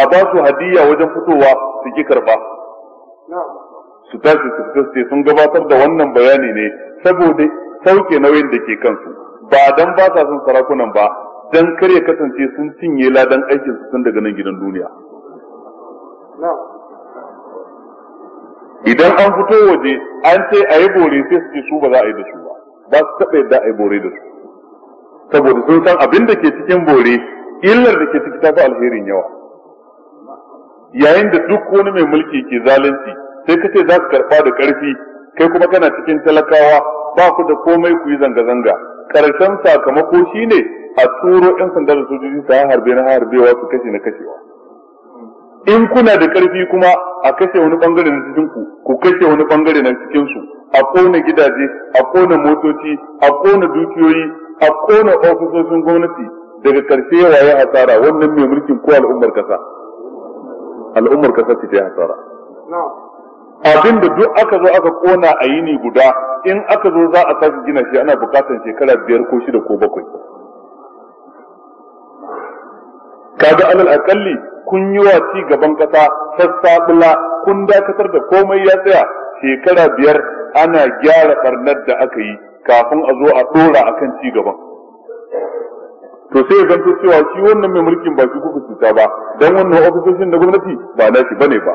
[SPEAKER 2] a ba su hadiyya wajen fitowa su ki karba su tashi su sun gabatar da wannan bayani ne saboda sauke nauyin da ke kansu ba dan ba sa son sarakunan ba dan kar ya kasance sun cinye ladan aikin su tun daga nan gidan duniya idan an fito waje an ce a yi bore sai su ce su ba za a yi da su ba ba su taɓa yadda a yi bore da su saboda sun san abin da ke cikin bore illar da ke ciki ta fi alherin yawa yayin da duk wani mai mulki ke zalunci sai ka ce za su karɓa da ƙarfi kai kuma kana cikin talakawa ba ku da komai ku yi zanga-zanga ƙarshen sakamako shi ne. a turo yan sanda da sojoji su harbe na wa su kashe na kashewa in kuna da karfi kuma a kashe wani bangare na cikin ku ku kashe wani bangare na cikin su a kona gidaje a kona motoci a kona dukiyoyi a kona ofisoshin gwamnati daga ƙarshe waye hasara wannan mai mulkin ko al'ummar kasa al'ummar kasa ce ta hasara abin da duk aka zo aka kona a yini guda in aka zo za a sake gina shi ana bukatar shekara biyar ko shida ko bakwai kaga alal akalli kun yi wa ci gaban kasa sassaɓula kun dakatar da komai ya tsaya shekara biyar ana gyara barnar da aka yi kafin a zo a ɗora akan ci gaban to sai zan to cewa shi wannan mai mulkin ba shi kuka cuta ba dan wannan ofisoshin na gwamnati ba na shi bane ba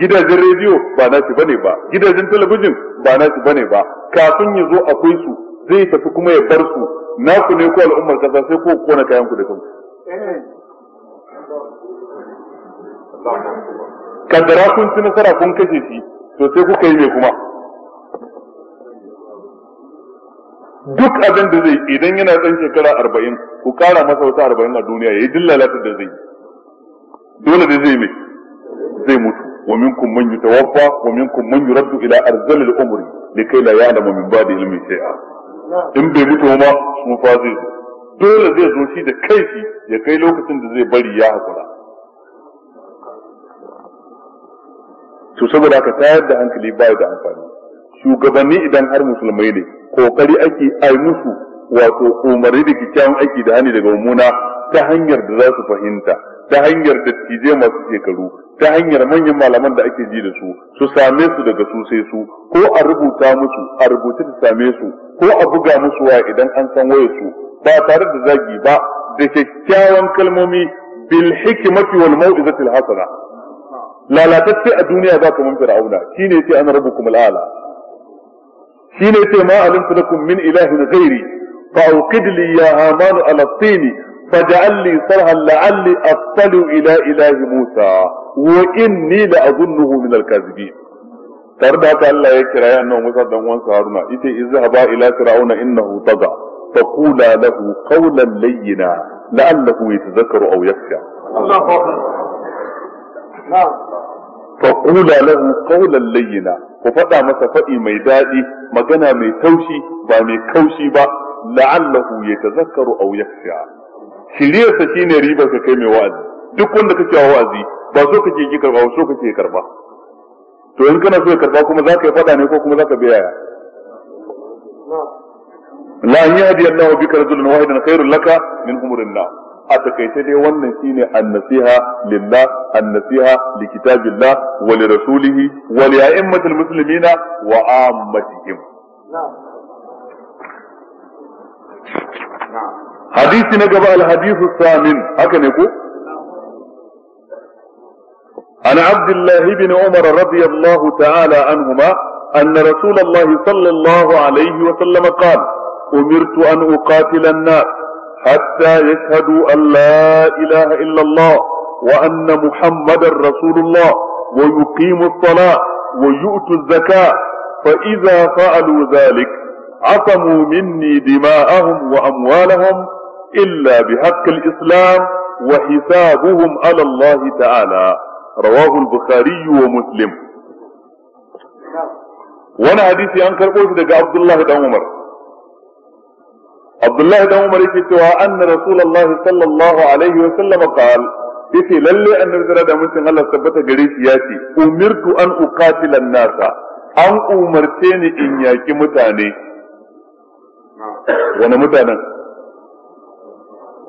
[SPEAKER 2] gidajen rediyo ba na shi bane ba gidajen talabijin ba na shi bane ba kafin ya zo akwai su zai tafi kuma ya bar su naku ne ko al'ummar kasa sai ko kona kayan ku da kanku eh. kaddara kun ci nasara kun kashe shi to sai kuka yi mai kuma duk abin da zai idan yana ɗan shekara arba'in ku kara masa wata arba'in a duniya ya yi dillalata da zai dole da zai mai zai mutu wa minkum man yutawaffa wa minkum man yuraddu ila arzal al-umri likai la ya'lamu min ba'di ilmi shay'a in bai mutu ma mu fazi dole zai zo shi da kai ya kai lokacin da zai bari ya hakura to saboda haka tayar da hankali ba da amfani shugabanni idan har musulmai ne kokari ake ai musu wato umarni da kyakkyawan aiki da hani daga mummuna ta hanyar da za su fahimta ta hanyar dattijai masu shekaru ta hanyar manyan malaman da ake ji da su su same su daga su sai su ko a rubuta musu a rubuta ta same su ko a buga musu waya idan an san wayar su ba tare da zagi ba da kyakkyawan kalmomi bil hikmati wal al hasana lalatacce a duniya za ba kaman fir'auna shine yace ana rabbukum al'ala shine yace ma alimtu lakum min ilahin ghairi fa awqid li ya haman ala tini faj'al li sarhan la'alli attali ila ilahi musa wa inni la la'azunnuhu min al-kadhibin tare da haka Allah ya kira yana Musa dan uwansa Haruna yace izhaba ila fir'auna innahu taga qula lahu qawlan layyina la'allahu yatadhakkaru aw yakhsha Allahu akbar faqula lahu qawlan layyina ku faɗa masa faɗi mai daɗi magana mai taushi ba mai kaushi ba la'allahu yatazakkaru aw yakhsha shiriyarsa shine ribar ka kai mai wa'azi duk wanda kake wa wa'azi ba so kake ki karba so kake karba to in kana so ka karba kuma zaka yi faɗa ne ko kuma zaka biya ya la yahdi Allahu bika rajulan wahidan khairul laka min humurin nas a takaice dai wannan shine annasiha lillah annasiha li kitabillah wa li rasulih wa li a'immatil muslimina wa ammatihim hadisi na gaba alhadisu samin haka ne ko عن عبد الله بن عمر رضي الله تعالى عنهما أن رسول الله صلى الله عليه وسلم قال أمرت أن أقاتل الناس حتى يشهدوا أن لا إله إلا الله وأن محمدا رسول الله ويقيموا الصلاة ويؤتوا الزكاة فإذا فعلوا ذلك عصموا مني دماءهم وأموالهم إلا بحق الإسلام وحسابهم على الله تعالى رواه البخاري ومسلم وانا حديثي أنكر قلت عبد الله بن عمر Abdullahi dan Umar yake cewa anna Rasulullahi sallallahu alaihi wa sallam qala yace lalle annabi zira da mutum Allah tabbata gare shi ya ce umirtu an uqatila nasa an umarce ni in yaki mutane wani mutanen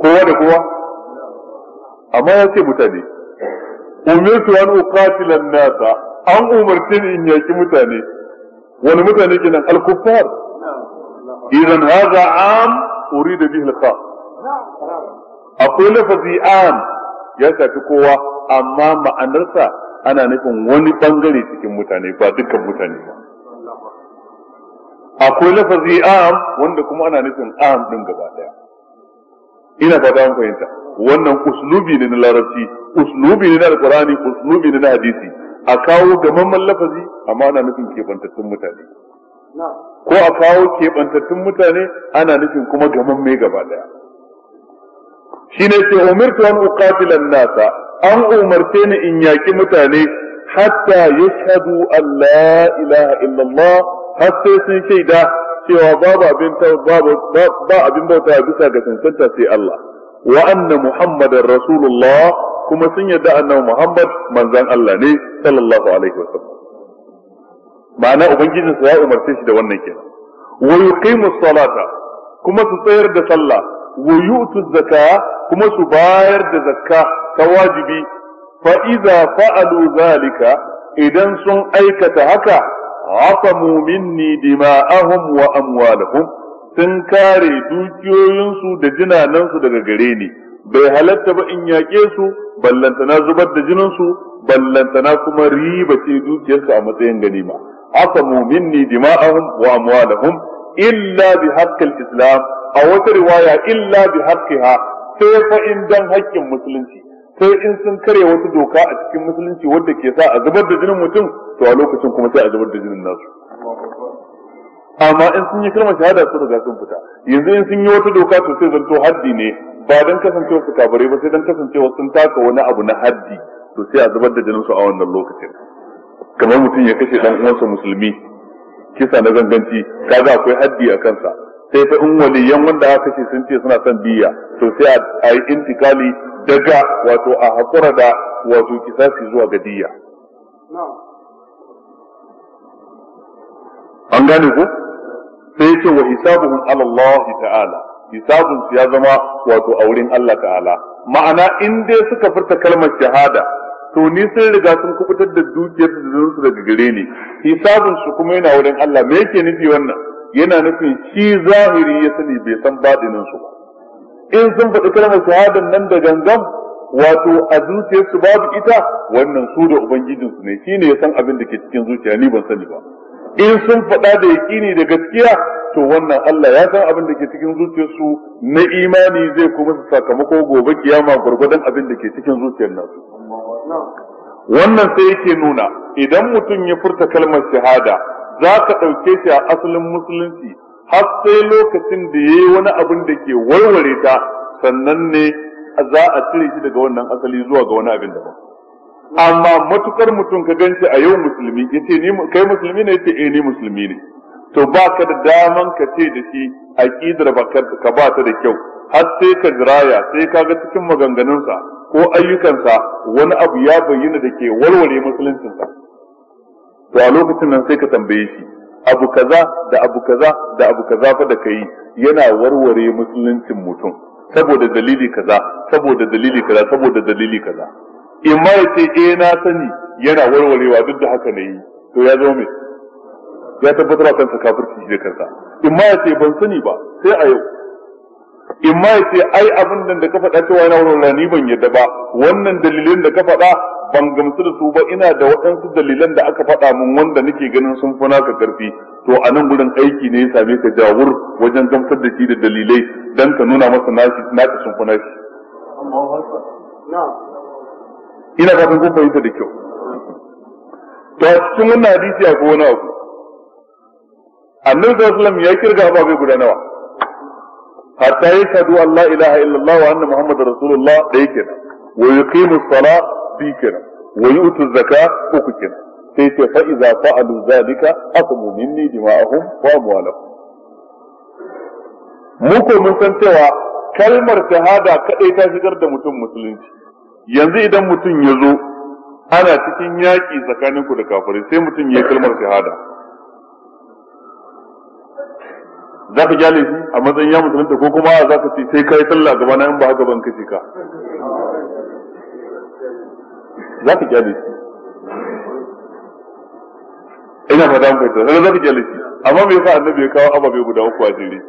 [SPEAKER 2] kowa da kowa amma ya ce mutane umirtu an uqatila nasa an umarce ni in yaki mutane wani mutane al-kuffar
[SPEAKER 1] idan haza عام
[SPEAKER 2] أريد به al أقول akwai lafazi am ya shafi kowa amma ma'anarsa ana nufin wani bangare cikin mutane ba dukkan mutane ba akwai lafazi نفهم wanda kuma ana nufin am din fahimta wannan uslubi ne na larabci uslubi ne na alqur'ani uslubi ne na hadisi a kawo gamamman lafazi amma ana nufin kebantattun mutane na'am ko a kawo keɓantattun mutane ana nufin kuma gaman mai gaba ɗaya shi ne ce umirtu an uqatilan nasa an umarce ni in yaƙi mutane hatta yashhadu an la ilaha illallah har sai sun shaida cewa babu abin ba abin bauta bisa ga cancanta sai Allah wa anna muhammadar rasulullah kuma sun yadda annabi muhammad manzon Allah ne sallallahu alaihi wasallam ma'ana ubangijinsa ya umarce shi da wannan kenan wa yuqimu salata kuma su tsayar da sallah wa yu'tu zakka kuma su bayar da zakka ta wajibi fa idza fa'alu zalika idan sun aikata haka asamu minni dima'ahum wa amwalahum sun kare dukiyoyinsu da jinanansu daga gare ni bai halatta ba in yaƙe su ballantana zubar da jininsu ballantana kuma riba ce dukiyarsu a matsayin ganima asamu minni dima'ahum wa amwalahum illa bi haqqil islam a wata riwaya illa bi haqqiha sai fa in musulunci sai in sun kare wata doka a cikin musulunci wadda ke sa a zubar da jinin mutum to a lokacin kuma sai a zubar da jinin nasu amma in sun yi kalmar shahada su riga sun fita yanzu in sun yi wata doka to sai zanto haddi ne ba dan kasance su kabare ba sai dan kasancewa sun taka wani abu na haddi to sai a zubar da jinin su a wannan lokacin kamar mutum ya kashe dan uwansa musulmi kisa na zanganci kaga akwai haddi a kansa sai fa in waliyan wanda aka kashe sun ce suna son biya to sai a yi intikali daga wato a hakura da wato kisasi zuwa ga diya an gane ku sai ce wa hisabuhum ala ta'ala hisabun ya zama wato a wurin Allah ta'ala ma'ana in dai suka furta kalmar shahada to ni sun riga sun kubutar da dukiyar su daga gare ni hisabin su kuma yana wurin Allah me yake nufi wannan yana nufin shi zahiri ya sani bai san badinin su in sun faɗi kalmar shahadan nan da gangan wato a su babu ita wannan su da ubangijinsu ne shine ya san abin da ke cikin zuciya ni ban sani ba in sun faɗa da yaƙini da gaskiya to wannan Allah ya san abin da ke cikin zuciyarsu na imani zai kuma su sakamako gobe kiyama gurgurdan abin da ke cikin zuciyar nasu
[SPEAKER 1] wannan sai
[SPEAKER 2] yake nuna idan mutum ya furta kalmar shahada za ka ɗauke shi a asalin musulunci har sai lokacin da ya yi wani abin da ke warware ta sannan ne za a cire shi daga wannan asali zuwa ga wani abin daban amma matukar mutum ka ganci a yau musulmi ya ce kai musulmi ne ya ce eh ni musulmi ne to ba ka da daman ka ce da shi aƙidar ka ba ta da kyau har sai ka jiraya sai ka ga cikin maganganunsa ko ayyukansa wani abu ya bayyana da ke warware musuluncinsa to a lokacin nan sai ka tambaye shi abu kaza da abu kaza da abu kaza fa da kai yana warware musuluncin mutum saboda dalili kaza saboda dalili kaza saboda dalili kaza in ma ya ce eh na sani yana warwarewa duk da haka ne yi to ya zo mai ya tabbatar a kansa kafirci da kansa in ma ya ce ban sani ba sai a yau in ma ya ce ai abin da ka faɗa cewa yana wurin ni ban yadda ba wannan dalilin da ka faɗa ban gamsu da su ba ina da waɗansu dalilan da aka faɗa min wanda nake ganin sun fi naka karfi to a nan gurin aiki ne ya same ka jawur wajen gamsar da shi da dalilai dan ka nuna masa naki naka sun fi naki ina fatan kun fahimta da kyau to a cikin wannan hadisi akwai wani abu annabi sallallahu alaihi wasallam ya kirga ba guda nawa hatta yashhadu an la ilaha illallah wa anna muhammadar rasulullah dai kenan wa yuqimu as-sala
[SPEAKER 1] bi
[SPEAKER 2] zaka uku kenan sai ce fa idza fa'alu zalika aqmu minni dima'ahum wa amwalahum mu ko mun san cewa kalmar shahada kadai ta shigar da mutum musulunci yanzu idan mutum ya zo ana cikin yaƙi tsakaninku da kafari sai mutum ya yi kalmar shahada za ka gyale shi a matsayin ya musulunta ko kuma za ka ce sai kai sallah gaba na in ba haka ban kashe ka za ka gyale shi ina fata mu fahimta sai za ka gyale shi amma me yasa annabi ya kawo ababe guda uku a jere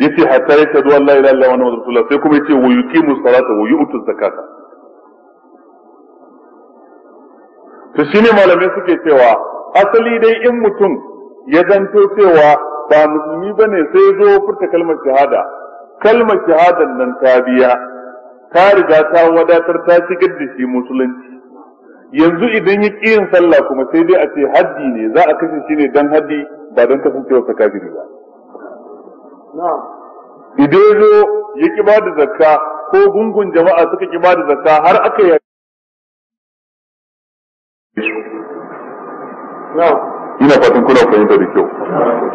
[SPEAKER 2] yace hatta ya shahadu an la ilaha illallah wa muhammadur rasulullah sai kuma yace wa yuqimu salata wa yu'tu zakata to shine malamai suke cewa asali dai in mutum ya zanto cewa ba musulmi ba ne sai zo furta kalmar shahada kalmar shahadar nan ta biya ta riga ta wadatar ta shigar da shi musulunci yanzu idan ya ƙi yin sallah kuma sai dai a ce haddi ne za a kashe shi ne don haddi ba don kasancewa ta kafiri ba idan ya zo ya ƙi da zakka ko gungun jama'a suka ƙi ba da zakka har aka yi
[SPEAKER 1] ina fatan kuna fahimta da kyau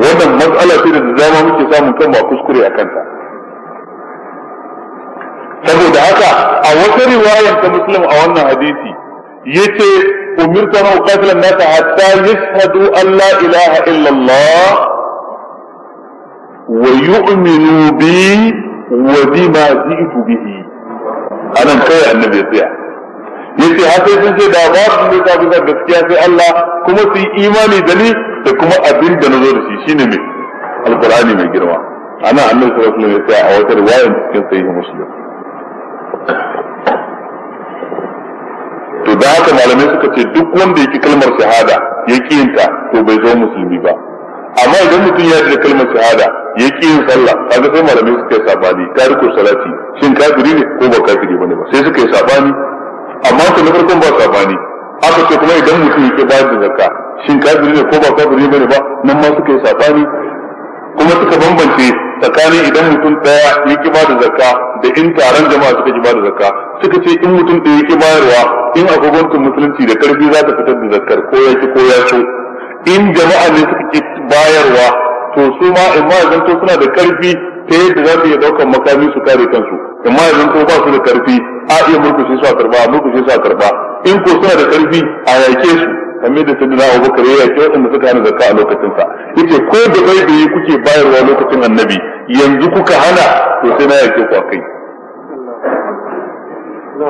[SPEAKER 1] wannan matsala ce da dama muke samun kan ba kuskure a kanta
[SPEAKER 2] saboda haka a wata riwayar ta muslim a wannan hadisi yace umirtu an uqatila an-nasa hatta yashhadu an la ilaha illallah wa yu'minu bi wa bima ji'tu bihi anan kai annabi ya tsaya yace har sai sun ce da babu ne ta bisa gaskiya sai Allah kuma su yi imani da ni da kuma abin da nazo da shi shine mai alqur'ani mai girma ana annabi sallallahu alaihi wasallam ya a wata riwaya cikin sahihi muslim to da haka malamai suka ce duk wanda yake kalmar shahada ya kiyinta to bai zo musulmi ba amma idan mutum ya da kalmar shahada ya kiyin yin sallah kaga sai malamai suka yi sabani tariku salati shin kafiri ne ko ba kafiri bane ba sai suka yi sabani amma su na farkon ba sabani aka ce kuma idan mutum yake ba da zakka shin kafiri ne ko ba kafiri bane ba nan ma suka yi sabani kuma suka bambance tsakanin idan mutum daya ya ba da zakka da in taron jama'a suka ji ba da zakka suka ce in mutum ɗaya ya bayarwa in akwai gwamnatin musulunci da karfi za ta fitar da zakkar ko ya ki ko ya so in jama'a ne suka ke bayarwa to su ma in ma zanto suna da karfi ta yadda za su iya ɗaukar makami su kare kansu in ma zanto ba su da karfi a iya murkushe su a karba a murkushe su a karba in ko suna da karfi a yake su kamar da sayyidina Abu Bakar ya yake wasu suka hana zakka a lokacinsa. sa yace ko da bai da yi kuke bayarwa lokacin annabi yanzu kuka hana to sai na yake ku akai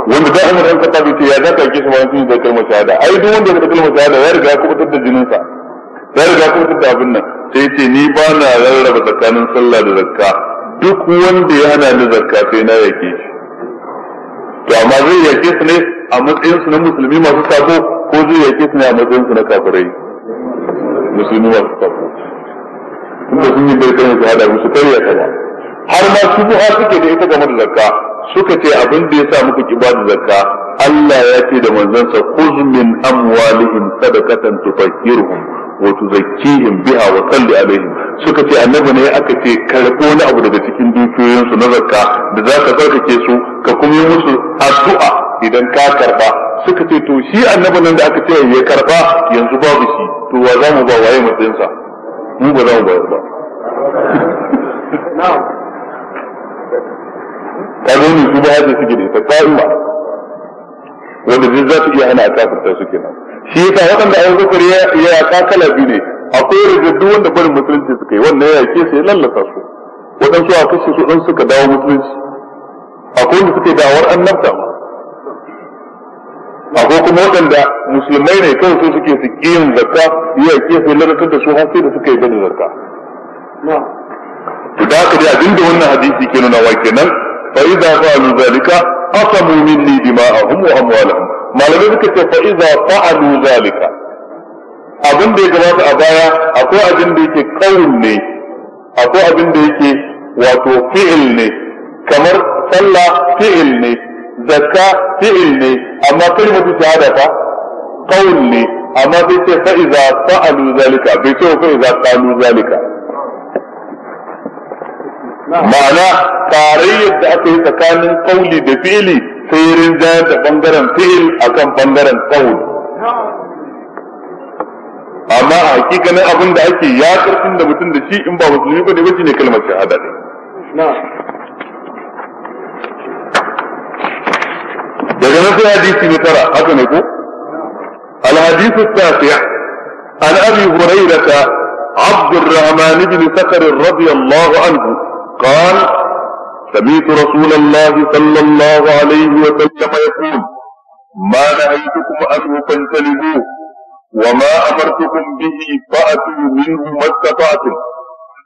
[SPEAKER 2] wanda da Umar an kafa bai ce ya ka yake su ma sun da kalmar shahada ai duk wanda ya kalmar shahada ya riga ya fitar da jinin sa ya riga ya fitar da abin nan sai ce ni ba na rarraba tsakanin sallah da zakka duk wanda ya hana ni zakka sai na yake shi to amma zai yake su ne a matsayin su na musulmi masu sako ko zai yake su ne a matsayin su na kafirai musulmi masu sako inda sun yi bai kan su hada musu karya ta ba har ma su buha suke da ita game da zakka suka ce abin da ya sa muku ki da zakka Allah ya ce da manzansa kuzmin amwalihim sadaqatan tufakkiruhum wa
[SPEAKER 1] in biha wa salli alaihim suka ce annabi ne aka ce karɓo wani abu daga cikin dukiyoyinsu
[SPEAKER 2] na zakka da za ka tsarkake su ka kuma yi musu addu'a idan ka karba suka ce to shi annabi nan da aka ce ya karba yanzu babu shi to wa za mu ba waye matsayinsa mu ba za mu bayar ba ka ne su ba hajji suke da ita ta'imma wanda zai za su iya hana a kafirta su kenan shi
[SPEAKER 1] yasa waɗanda abu bakar ya yaƙa
[SPEAKER 2] kala biyu ne akwai duk wanda barin musulunci suka yi wannan ya yaƙe su ya lallata su waɗansu a kashe su ɗan suka dawo musulunci akwai wanda suka yi dawar annabta akwai kuma waɗanda musulmai ne kawai su suke su yin zakka ya yaƙe su ya lalatar da su har sai da suka yi gani zakka to da haka dai abinda wannan hadisi ke nuna wa kenan fa idza fa'alu zalika asamu minni dima'ahum wa amwalahum malamai suka ce fa iza fa'alu zalika abin da ya gabata a baya akwai abin da yake kaurin ne akwai abin da yake wato fi'il ne kamar sallah fi'il ne zakka fi'il ne amma kalmatu shahada fa qaul ne amma bai ce fa iza fa'alu zalika bai ce fa iza qalu zalika ma'ana tarayyar da aka yi tsakanin kauli da fi'ili sai ya rinjayar da bangaren fi'il akan bangaren qaul amma a hakikanin abin da ake ya karfin da mutum da shi in ba musulmi ba ne ba ne kalmar shahada ne
[SPEAKER 1] daga nan sai hadisi na
[SPEAKER 2] tara haka ne ko الحديث التاسع عن ابي هريره عبد الرحمن بن سكر رضي الله عنه قال سمعت رسول الله صلى الله عليه وسلم يقول ما نهيتكم عنه فانتبهوه وما أمرتكم به فأتوا منه ما استطعتم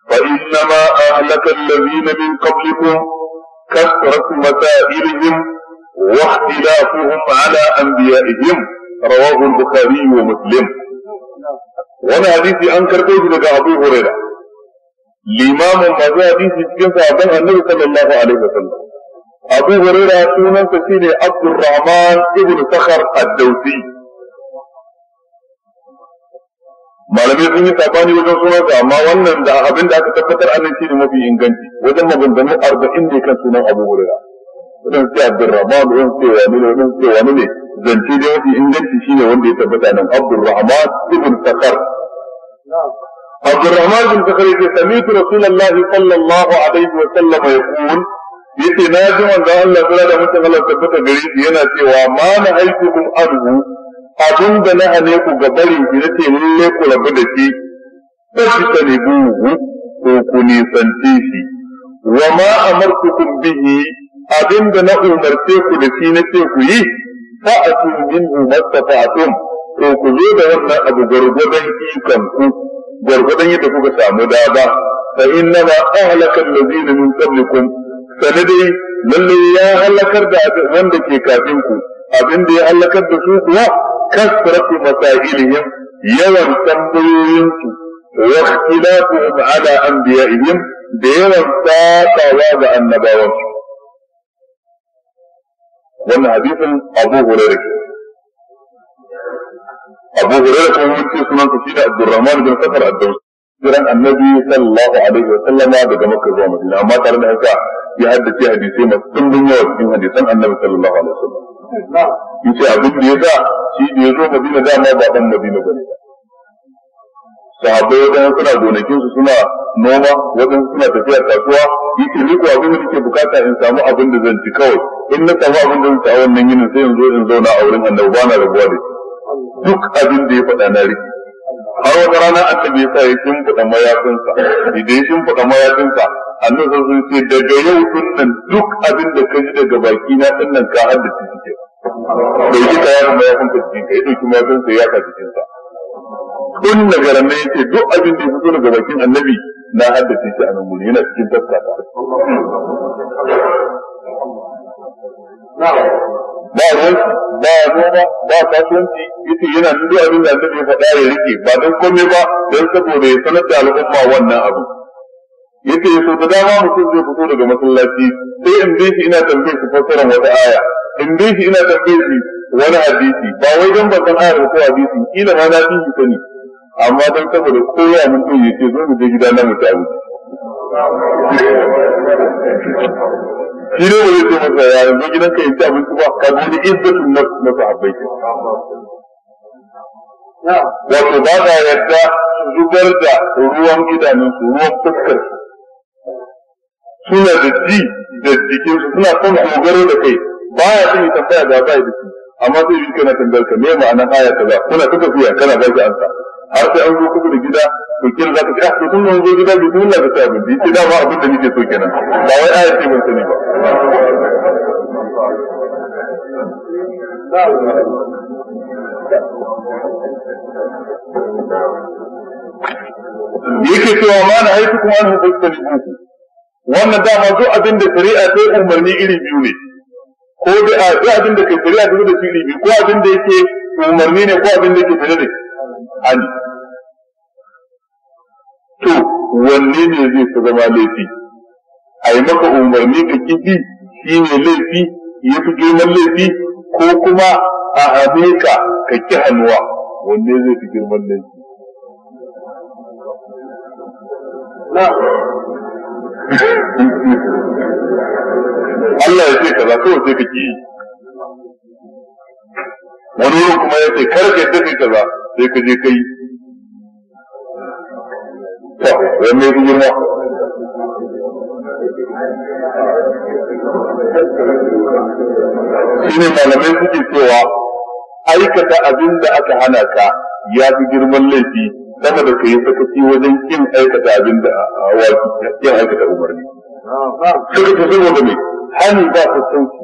[SPEAKER 2] فإنما أهلك الذين من قبلكم كثرة مسائلهم واختلافهم على أنبيائهم رواه البخاري ومسلم وانا حديثي أنكر كيف لك أبو هريرة limamin masu hadisi cikin sahabban annabi sallallahu alaihi wasallam abu hurairah sunansa shine abdurrahman ibn sakhar ad-dawsi malamai sun yi sabani wajen sunansa amma wannan da abin da aka tabbatar annan shine mafi inganci wajen maganganu arba'in ne kan sunan abu hurairah wajen sai abdurrahman wajen sai wani ne wajen sai wani ne zance dai mafi inganci shine wanda ya tabbata nan abdurrahman ibn sakhar عبد الرحمن بن زكريا يقول رسول الله صلى الله عليه وسلم يقول yace na ji manzo Allah tsira da mutum Allah tabbata gari shi yana cewa ma na aikukum anhu abin na hane ku ga bari shi nace lalle ku rabu da shi sai ta ne buhu ko ku nisance wa ma bihi na umarce ku da shi nace ku yi fa atu ko ku da wannan abu gargwadon ikon ku gwargwadon yadda kuka samu dama fa inna ma ahlaka allazina min qablikum dai, lalle ya halakar da wanda ke kafin ku abin da ya halakar da su kuwa kasratu masailihim yawan tambayoyin su
[SPEAKER 1] wa ikhtilafuhum ala
[SPEAKER 2] anbiya'ihim da yawan tsatsawa ga annabawan
[SPEAKER 1] wannan hadisin abu hurairah abu hurairah ko mun ce sunan sa shine abdurrahman bin sakar
[SPEAKER 2] ad-dawsi kiran annabi sallallahu alaihi wa sallama daga makka zuwa amma tare da haka ya haddace hadisai masu dimbin yawa cikin hadisan annabi sallallahu alaihi wa sallam yace abin da yasa shi da yazo ba sahabbai wajen suna gonakin su suna noma wajen suna tafiya kasuwa yake ni ko abin da nake bukata in samu abin da zan ci kawai in na samu abin da zan ci a wannan yinin sai in zo in zauna a wurin annabi bana rabuwa da shi duk abin da ya faɗa na riki har wata rana annabi ya sa ya shimfiɗa mayafinsa idan ya shimfiɗa mayafinsa annabi sun sun ce daga yau tun nan duk abin da ka ji daga baki na ɗin nan ka haddace shi ke ɗauki kayan mayafinsa jikin ka ya ɗauki mayafinsa ya ka jikinsa tun na nan ya ce duk abin da ya fito daga bakin annabi na haddace shi a nan wuri yana cikin ta.
[SPEAKER 1] ba ruwansu ba noma
[SPEAKER 2] ba kasuwanci yace yana nuna duk abin da annabi ya faɗa ya rike ba don komai ba don saboda ya sanar da al'umma wannan abu yake so da dama mutum zai fito daga masallaci sai in bi shi ina tambaye shi fassarar wata aya in bi shi ina tambaye shi wani hadisi ba wai don ban san ayar ko hadisi kila ma na fi shi sani amma don saboda kowa mun ɗin yake zo mu je gida na mu ta shi ne ba zai ce masa ya yanzu gidan ka yanzu abinci ba ka gani izzatun na na sahabbai ke wato ba yarda yadda zubar da ruwan su, ruwan fuskar suna da ji da jikinsu suna son dogaro da kai ba ya son yi tambaya da ba ya da shi amma sai yi kana tambayar ka me ma'anar aya ba, kuna ta tafiya kana ba ki ansa har sai an zo kusa da gida to kila za ka ce ah, to tun nan zo gida bi tun da ta abin ce da ba abin da nake so kenan ba wai aya ce ban sani ba
[SPEAKER 1] yake cewa ma na haifi kuma an hukunta ta nibuku wannan dama zo abin da
[SPEAKER 2] shari'a ta yi umarni iri biyu ne ko da abin da ke shari'a ta zo da shi iri biyu ko abin da yake
[SPEAKER 1] umarni ne ko abin da yake shari'a
[SPEAKER 2] ne Ali to wanne ne zai fi zama laifi a yi maka umarni ka kiɗi shi ne laifi ya fi girman laifi ko kuma a hane ka ka ki hannuwa wanne zai fi girman laifi
[SPEAKER 1] Allah ya ce kaza kawai sai ka ki
[SPEAKER 2] wani wurin kuma ya ce kar ka yadda kai kaza sai ka je kai
[SPEAKER 1] wanne ku girma shi ne malamai suke cewa
[SPEAKER 2] aikata abin da aka hana ka ya fi girman laifi sama da ka yi sakaci wajen kin aikata abin da wato kin aikata umarni suka ce saboda me hani ba su sauki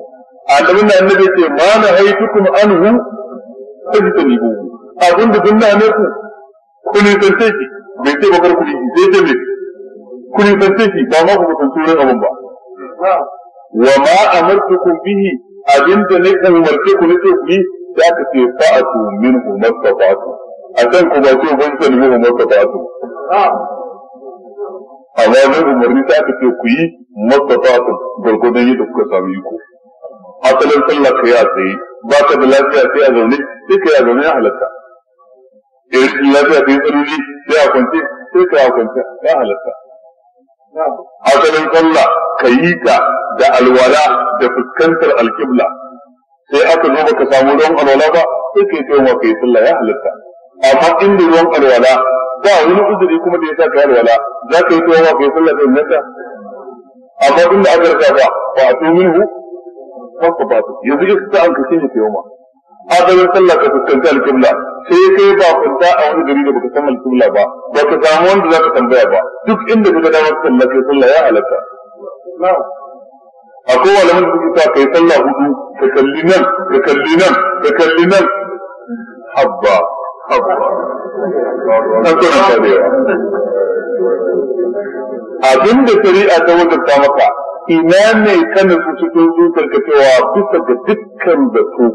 [SPEAKER 2] a da annabi ce ma na haitukum anhu tajtanibu abin da sun nane ku ku nisance shi bai ce bakar kuɗi shi sai ce mai ku nisance shi ba ma ku san sunan abin ba
[SPEAKER 1] wa ma amartukum bihi abin da ne umarce ku nace ku yi za ka ce fa'atu min umar ta fa'atu a can
[SPEAKER 2] ku ba ce ban san min umar ta A amma zai umarni ta ka ce ku yi mastafatun gwargwadon yadda kuka sami iko asalin sallah ka yi a tsaye ba ka da lafiya sai a zaune sai ka yi a zaune ya halatta da ya rashin lafiya ta yi tsanani sai a kwance sai ka a kwance ya halatta asalin sallah ka yi ta da alwala da fuskantar alkibla sai aka zo ba ka samu ruwan alwala ba sai ka yi tsawon ka yi sallah ya halatta
[SPEAKER 1] amma inda ruwan alwala
[SPEAKER 2] ba wani uzuri kuma da ya sa ka yi alwala za ka yi tsawon ka yi sallah da nata amma inda aka rasa ba ba a tsohon hu ba yanzu ya fi ta an kashe ya tsawon asalin sallah ka fuskanci alƙibla sai kai ba kunta a wani gari da baka san alƙibla ba ba ka samu wanda za ka tambaya ba duk inda ku ga damar sallah kai sallah ya halatta A malamin da suke sa kai sallah hudu ka kalli nan ka kalli nan ka kalli nan habba habba
[SPEAKER 1] nan kuna kadewa
[SPEAKER 2] abin da shari'a ta wajabta maka ina ne kana su cikin zuciyarka cewa bisa ga dukkan zato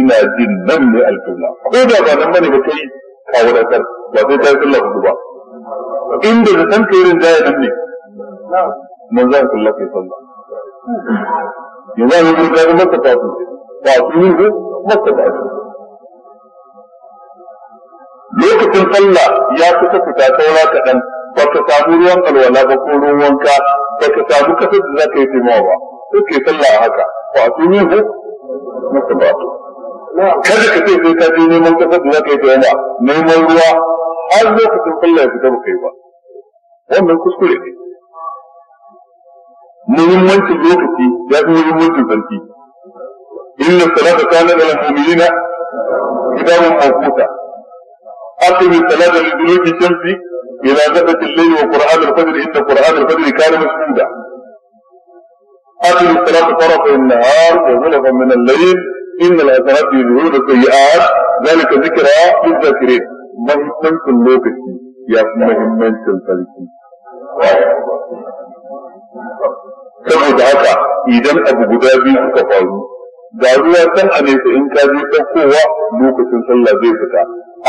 [SPEAKER 2] ina jin nan ne alƙibla ko da ba nan bane ba kai ka wadatar ba sai ta sallah ku ba inda da san kai rin jaya nan ne mun za sallah kai sallah yanzu an yi ƙoƙarin masa tafi ba su yi ko ta tafi lokacin sallah ya kusa fita saura kaɗan ba ka samu ruwan alwala ba ko ruwan wanka ba ka samu kasar da za ka yi taimawa ba sai ka sallah a haka ba su yi ko masa tafi kada ka ce sai ka je neman kasar da za ka yi taimaka neman ruwa har lokacin sallah ya fita baka yi ba wannan kuskure ne muhimmancin lokaci ya fi muhimmancin sarki inna salata kana da al-mu'minina kitabun mawquta أقم الصلاة لدلوك الشمس إلى غسق الليل وقرآن الفجر إن قرآن الفجر كان مشهودا أقم الصلاة طرفي النهار وغلفا من الليل إن الحسنات يذهبون السيئات ذلك ذكرى للذاكرين مهمة اللوكس يا مهمة الفلسطين saboda haka idan abu guda biyu suka faru ga ruwa san a nesa in ka je ɗaukowa lokacin sallah zai fita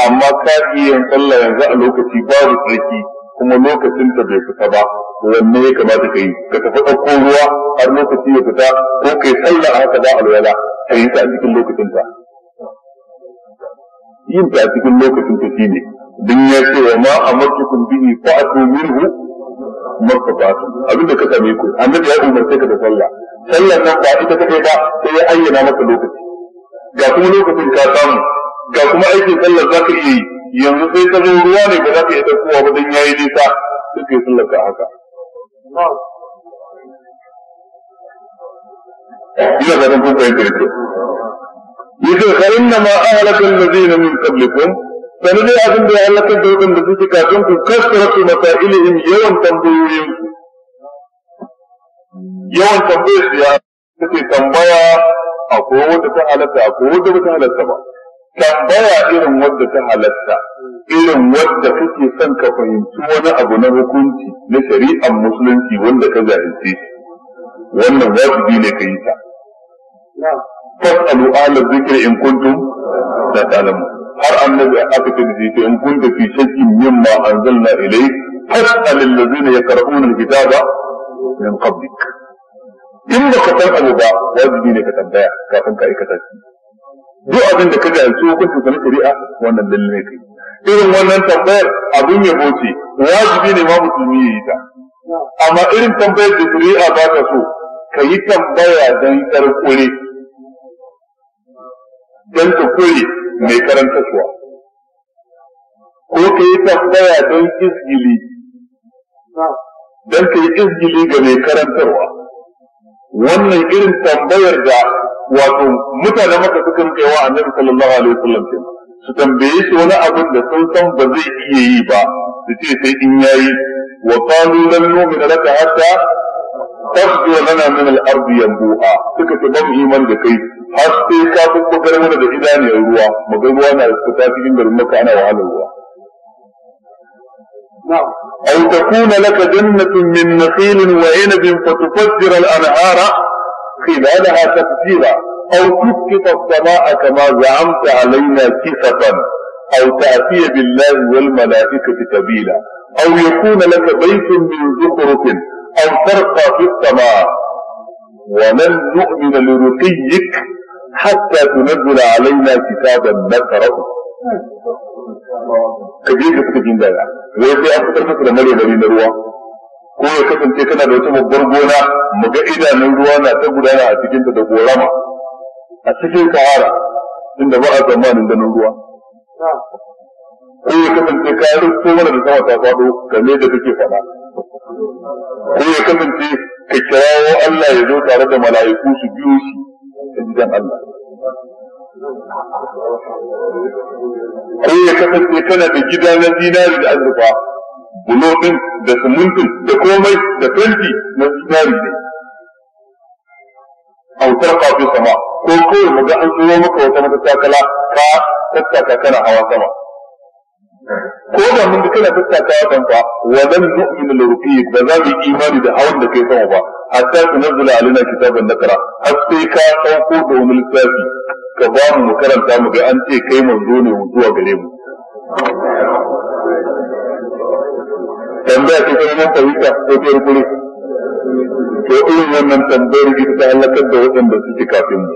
[SPEAKER 2] amma ka iya yin sallah yanzu a lokaci babu tsarki kuma lokacin ta bai fita ba wanne ya kamata ka yi ka tafi ɗauko ruwa har lokaci ya fita ko kai sallah a haka za a A yi ta a cikin lokacin ta yin ta a cikin lokacin ta shine dan ya ce wa ma matukun bihi fa atu minhu martabatu abinda ka same ku annabi ya umarce ka da sallah sallar nan ba ita take ba sai ya ayyana maka lokaci ga kuma lokacin ka samu ga kuma aikin sallar zaka iya yi yanzu sai ka zo ruwa ne ba za ka iya ɗaukowa ba dan
[SPEAKER 1] yayi nisa suke sallar ka haka ina fatan kun fahimta da kyau yace fa inna ma
[SPEAKER 2] ahlaka allazina min qablikum Sani dai abin da ya halaka da wadanda suke kafin ku su kasratu masailihim yawan tambayoyin yawan tambayar su ya suke tambaya akwai wanda ta halatta akwai wanda ba ta halatta ba tambaya irin wadda ta halatta irin wadda kake son ka fahimci wani abu na hukunci na shari'ar musulunci wanda ka jahilce wannan wajibi ne ka yi ta fasalu ala zikri in kuntum la ta'lamu har annabi aka ce da in kunta fi shakkin mimma anzalna ilayk fasal allazina yaqra'una alkitaba min qablik in ba ka san abu ba wajibi ne ka tambaya kafin ka aikata shi duk abin da ka ga yanzu hukuncin ka na shari'a wannan lalle ne kai irin wannan tambayar abin ya boce wajibi ne ma musulmi ya yi ta
[SPEAKER 1] amma irin tambayar da shari'a ba ta so
[SPEAKER 2] ka yi tambaya don karkure don ka kore
[SPEAKER 1] mai karantarwa ko ka yi tambaya don izgili don ka yi izgili ga mai karantarwa
[SPEAKER 2] wannan irin tambayar da wato mutane maka sukan kai wa annabi sallallahu alaihi wasallam kenan su tambaye shi wani abin da sun san ba zai iya yi ba su ce sai in yayi wa qalu lan nu'mina laka hatta tafdu lana min al-ardi yanbu'a suka ce ban iman da kai har sai ka da ruwa maga ruwa na fita cikin garin maka ana ruwa أو تكون لك جنة من نخيل وعنب فتفجر الأنهار خلالها تفجيرا أو تسقط السماء كما زعمت علينا كسفا أو تأتي بالله والملائكة سبيلا أو يكون لك بيت من زخرف أو ترقى في السماء ولن نؤمن لرقيك hatta تنزل علينا كتابا nakarahu ka je da suka jin daga wai sai an fitar da mare na ruwa ko ya kasance kana da wata babbar gona mu ga idanun ruwa na ta gudana a cikin ta da gorama a cikin sahara inda ba a tsammanin ganin ruwa ko ya kasance ka rufe mana da sama ta faɗo game da kake faɗa ko ya kasance ka kirawo Allah ya zo tare da mala'iku su biyo shi da gidan Allah
[SPEAKER 1] ko ya kasance kana da gida zinari da azurfa
[SPEAKER 2] bulo da sumuntun da komai da fenti na zinari ne autar kafin sama ko kawai maga an tsoro maka wata mata takala ka tattaka kana hawa sama ko da mun ga kana tattaka wa kanka wa zan nu'minu lirfiq ba za mu imani da hawan da kai sama ba hatta tunzila alaina kitabun nakara har sai ka sauko da wani littafi ka ba mu mu karanta mu ga an ce kai manzo ne zuwa gare mu tambaya ce kuma mun fahimta ko ta rukuri to irin wannan tambayar ita ta halakar da waɗanda suke kafin mu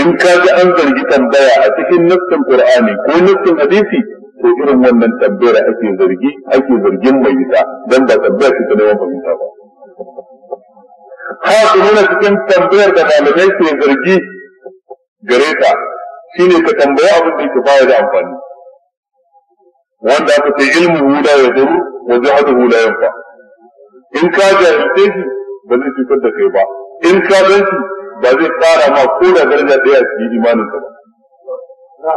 [SPEAKER 2] in ka ji an zargi tambaya a cikin nassin qur'ani ko nassin hadisi to irin wannan tambayar ake zargi ake zargin mai ita dan ba tambaya ce ta neman fahimta ba haka nuna cikin tambayar da malamai ke zargi gare ta ne ka tambaya abin da yake baya da amfani wanda aka ce ilmin hula ya zuru wa jihadu hula yin fa in ka jahilce shi ba zai cutar da kai ba in ka gan shi ba zai fara ma ko da daraja ɗaya su yi imanin ka ba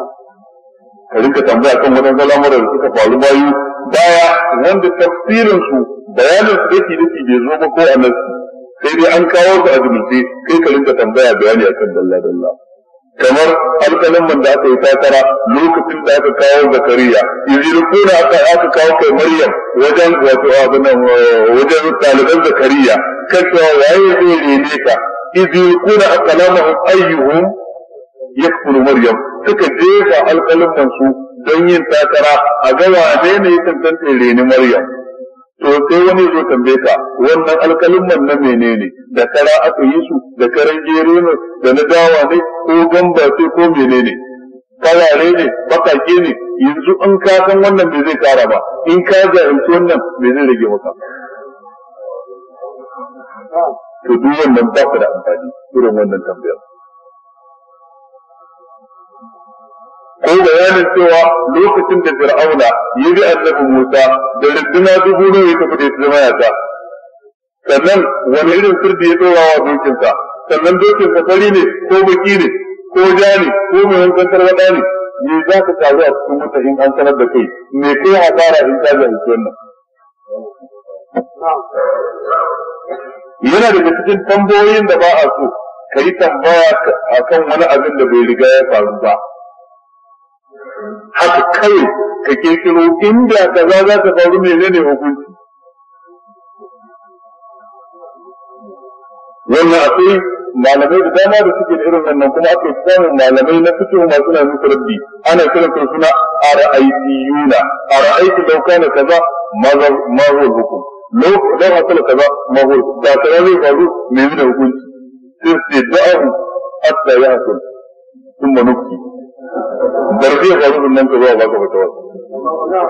[SPEAKER 2] ka rinka tambaya kan waɗansu al'amuran da suka faru bayu baya wanda tafsirin su bayanin su dake dake bai zo ba ko anan sai dai an kawo su a jumulce kai ka rinka tambaya bayani akan dalla dalla kamar alƙalin man da aka yi takara lokacin da aka kawo zakariya izirkuna aka aka kawo kai maryam wajen wato abin wajen ɗaliban zakariya kan waye zai rene ka izirkuna aka lamahum ayyuhum yakfuru maryam suka jefa alƙalin su don yin takara a gawa ne ne ya tantance rene maryam to sai wani zo tambaye ka wannan alkalimman na menene da kara aka yi su da karan gere ne da na dawa ne ko gamba ce ko menene kalare ne bakake ne yanzu in ka san wannan me zai kara ba in ka jahilci wannan me zai rage maka to duk wannan ba da amfani irin wannan tambayar ko bayanin cewa lokacin da fir'auna ya bi annabi Musa da rinduna dubu ne ya tafi da ita zama yata sannan wani irin sirdi ya dora wa dokinsa sannan dokinsa fari ne ko baki ne ko ja ne ko mai wankan tarwaɗa ne me za ka taru a cikin wuta in an sanar da kai me kai hasara in ka zahimci nan? yana daga cikin tambayoyin da ba a so ka yi tambaya akan wani abin da bai riga ya faru ba haka kawai ka kirkiro inda kaza za ta faru menene hukunci wannan akwai malamai da dama da suke da irin wannan kuma aka samun malamai na fito masu na musu rabbi ana kiran su suna A ara'aitu law kana kaza ma huwa hukum da law hasala kaza ma huwa da zai faru menene hukunci sai su da'ahu hatta ya hasul thumma nukti barfi ya faru nan ka zuwa baka wasu.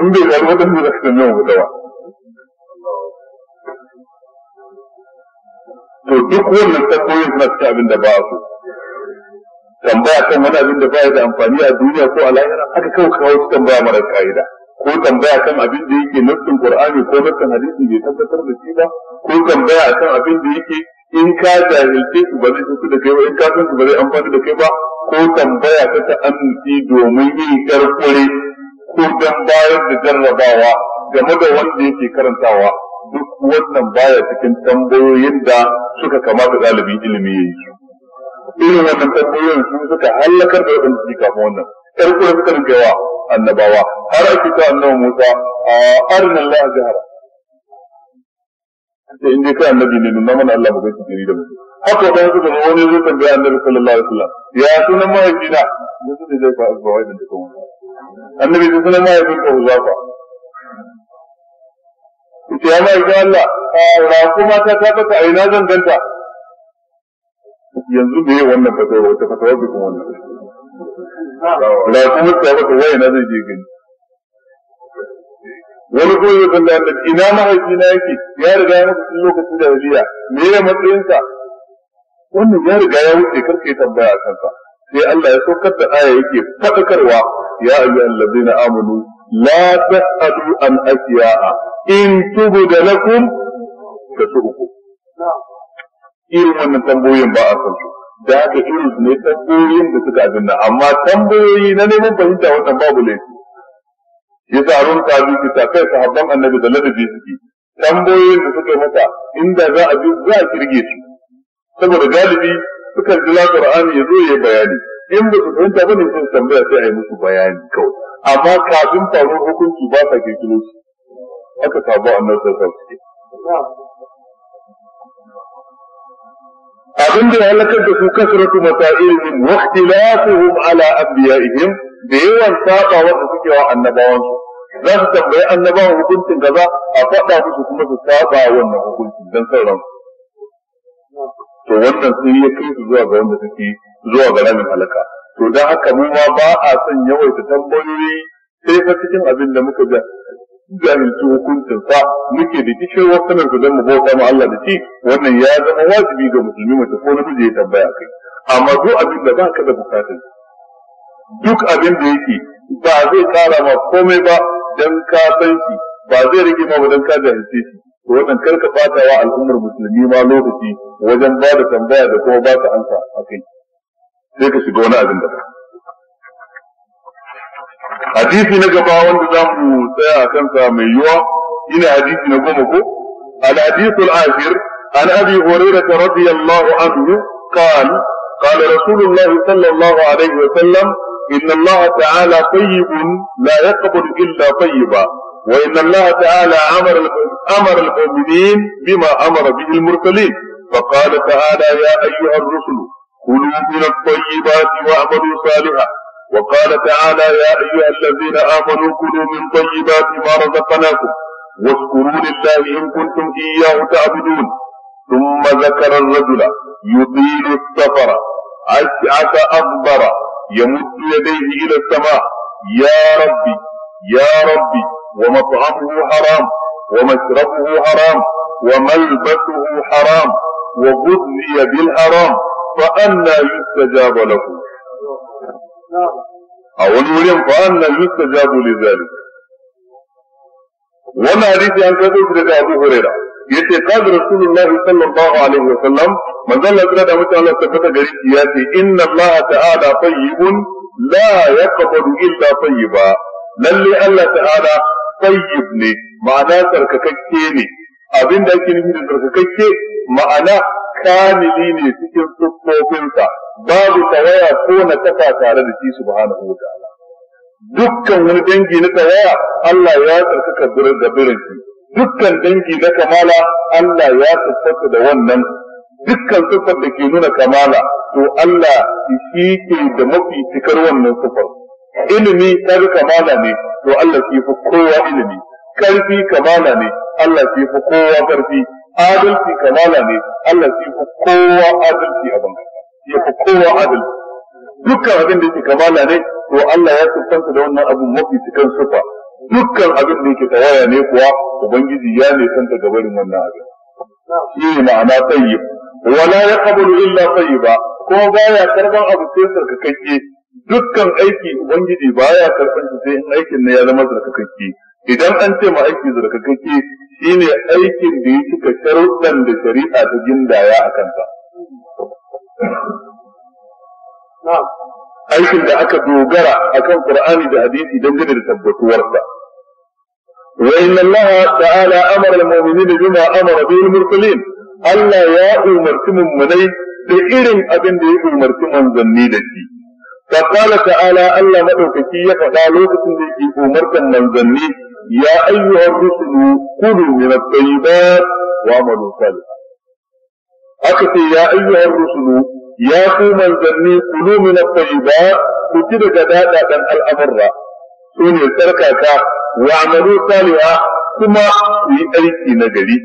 [SPEAKER 2] in bai faru ba dan zaka san yawan fatawa to duk wannan tsakoyin suna cikin abin da ba su tambaya kan wani abin da ba da amfani a duniya ko a lahira haka kawo kawo su tambaya mara ka'ida ko tambaya kan abin da yake nassin qur'ani ko nassin hadisi bai tabbatar da shi ba ko tambaya kan abin da yake in ka jahilce su ba zai tafi da kai ba in ka san su ba zai amfani da kai ba ko tambaya ta ta'annuci domin yin karkure ko don bayar da jarrabawa game da wanda yake karantawa duk wannan baya cikin tambayoyin da suka kamata ɗalibin ilimi ya yi su irin wannan tambayoyin sun suka hallakar da waɗanda suke kafa wannan karkure suka rinka wa annabawa har a cikin annabi Musa a arin Allah jihar sai in dai kai annabi ne nuna mana Allah mu gaishe da mu haka dan suka zo wani zai tambaya annabi sallallahu alaihi wasallam ya sunan mahaifina da su zai fa azba wai da duka wannan annabi da sunan mahaifin ka uzafa
[SPEAKER 1] ita ya mai ga Allah ra kuma ta tabbata a ina zan ganta
[SPEAKER 2] yanzu da yi wannan fatawa wata fatawa bi kuma wannan ra kuma ta tabbata wai ina zai je gani wani kuma zai tambaya annabi ina mahaifina yake ya riga ya mutu lokacin da rabiya me ya matsayinsa wannan ya riga ya wuce karka yi tambaya kansa sai Allah ya saukar da aya yake fadakarwa ya ayyuhal ladina amanu la tasalu an asya'a in tubda lakum tasu'ukum irin wannan tambayoyin ba a san su da haka irin ne tambayoyin da suka abin nan amma tambayoyi na neman fahimta wannan babu laifi yasa arun kaji ki ta kai sahabban annabi da ladabi suke tambayoyin da suka masa inda za a ji za a kirge su saboda galibi sukan jira qur'ani ya zo ya bayani in ba su fahimta bane sai tambaya sai a yi musu bayani kawai amma kafin faruwar hukunci ba sa kirkiro shi aka sabo annabi sallallahu alaihi
[SPEAKER 1] wasallam
[SPEAKER 2] abin da ya halakar da su kasratu masailihim wa ikhtilafuhum ala anbiya'ihim da yawan saba wanda suke wa annabawan su za su tambayi annabawan hukuncin kaza a faɗa musu kuma su saba wannan hukuncin dan sauransu to wannan sun ya kai su zuwa ga wanda suke zuwa ga ramin halaka to dan haka mu ma ba a son yawaita tambayoyi sai fa cikin abin da muka ga jahilci hukuncin sa muke da kishin wasanar ku dan mu bauta ma Allah da shi wannan ya zama wajibi ga musulmi mace ko namiji ya tambaya kai amma duk abin da baka da bukatun duk abin da yake ba zai kara ma komai ba dan ka san shi ba zai rage ma ba dan ka jahilce shi to wannan karka fata wa al'ummar musulmi ma lokaci wajen ba da tambaya da kuma ba ta ansa a kai sai ka shiga wani abin da hadisi na gaba wanda za mu tsaya a kansa mai yiwa ina hadisi na goma ko al-hadith akhir an abi hurairah radiyallahu anhu qala قال رسول الله صلى الله عليه وسلم إن الله تعالى طيب لا يقبل إلا طيبا وإن الله تعالى أمر أمر المؤمنين بما أمر به المرسلين فقال تعالى يا أيها الرسل كلوا من الطيبات واعملوا صالحا وقال تعالى يا أيها الذين آمنوا كلوا من طيبات ما رزقناكم واشكروا لله إن كنتم إياه تعبدون ثم ذكر الرجل يطيل السفر أشعث أكبر يمد يديه إلى السماء يا ربي يا ربي ومطعمه حرام ومشربه حرام وملبسه حرام وغذي بالحرام فأنى يستجاب له أو وليم فأنى يستجاب لذلك وما ريت أن تدرك أبو هريرة يتقاد رسول الله صلى الله عليه وسلم ما ذا الذي رد أمت الله سبحانه إن الله تعالى طيب لا يقبل إلا طيبا للي الله تعالى tayyib ne ma'ana tsarkakakke ne abin da ake nufi da tsarkakakke ma'ana kamili ne cikin siffofinsa babu tawaya ko na kafa tare da shi subhanahu wa ta'ala dukkan wani dangi na tawaya Allah ya tsarkaka birin da birin shi dukkan dangi na kamala Allah ya tsarkaka da wannan dukkan siffar da ke nuna kamala to Allah shi ke da mafi cikar wannan siffar ilimi ta kamala ne to Allah shi fi kowa ilimi karfi kamala ne Allah shi fi kowa karfi adalci kamala ne Allah shi fi kowa adalci a bangar ya fi kowa adalci dukkan abin da yake kamala ne to Allah ya tsanta da wannan abin mafi cikin sufa dukkan abin da yake tawaya ne kuwa ubangiji ya ne santa gabarin wannan abin
[SPEAKER 1] shi ne ma'ana tayyib
[SPEAKER 2] wala yaqbalu illa tayyiba ko baya karban abu sai sarkakakke dukkan aiki ubangiji baya karɓar shi sai in aikin ne ya zama zarkakakke idan an ce ma aiki zarkakakke shine aikin da ya cika sharuɗan da shari'a ta gindaya a kanta. aikin da aka dogara akan qur'ani da hadisi dangane da tabbatuwarsa
[SPEAKER 1] wa inna allaha ta'ala amara
[SPEAKER 2] al-mu'minina bima amara bihi al Allah ya umarci mummunai da irin abinda ya umarci manzanni da shi فقال تعالى ألا مدوكتي يفعل لوكتي أمرك منزلي يا أيها الرسل كلوا من الطيبات وعملوا صالحا أكتي يا أيها الرسل يا كو منزلي كلوا من الطيبات كتب جدادا الأمر سوني تركاكا وعملوا صالحا كما في أيدي نجري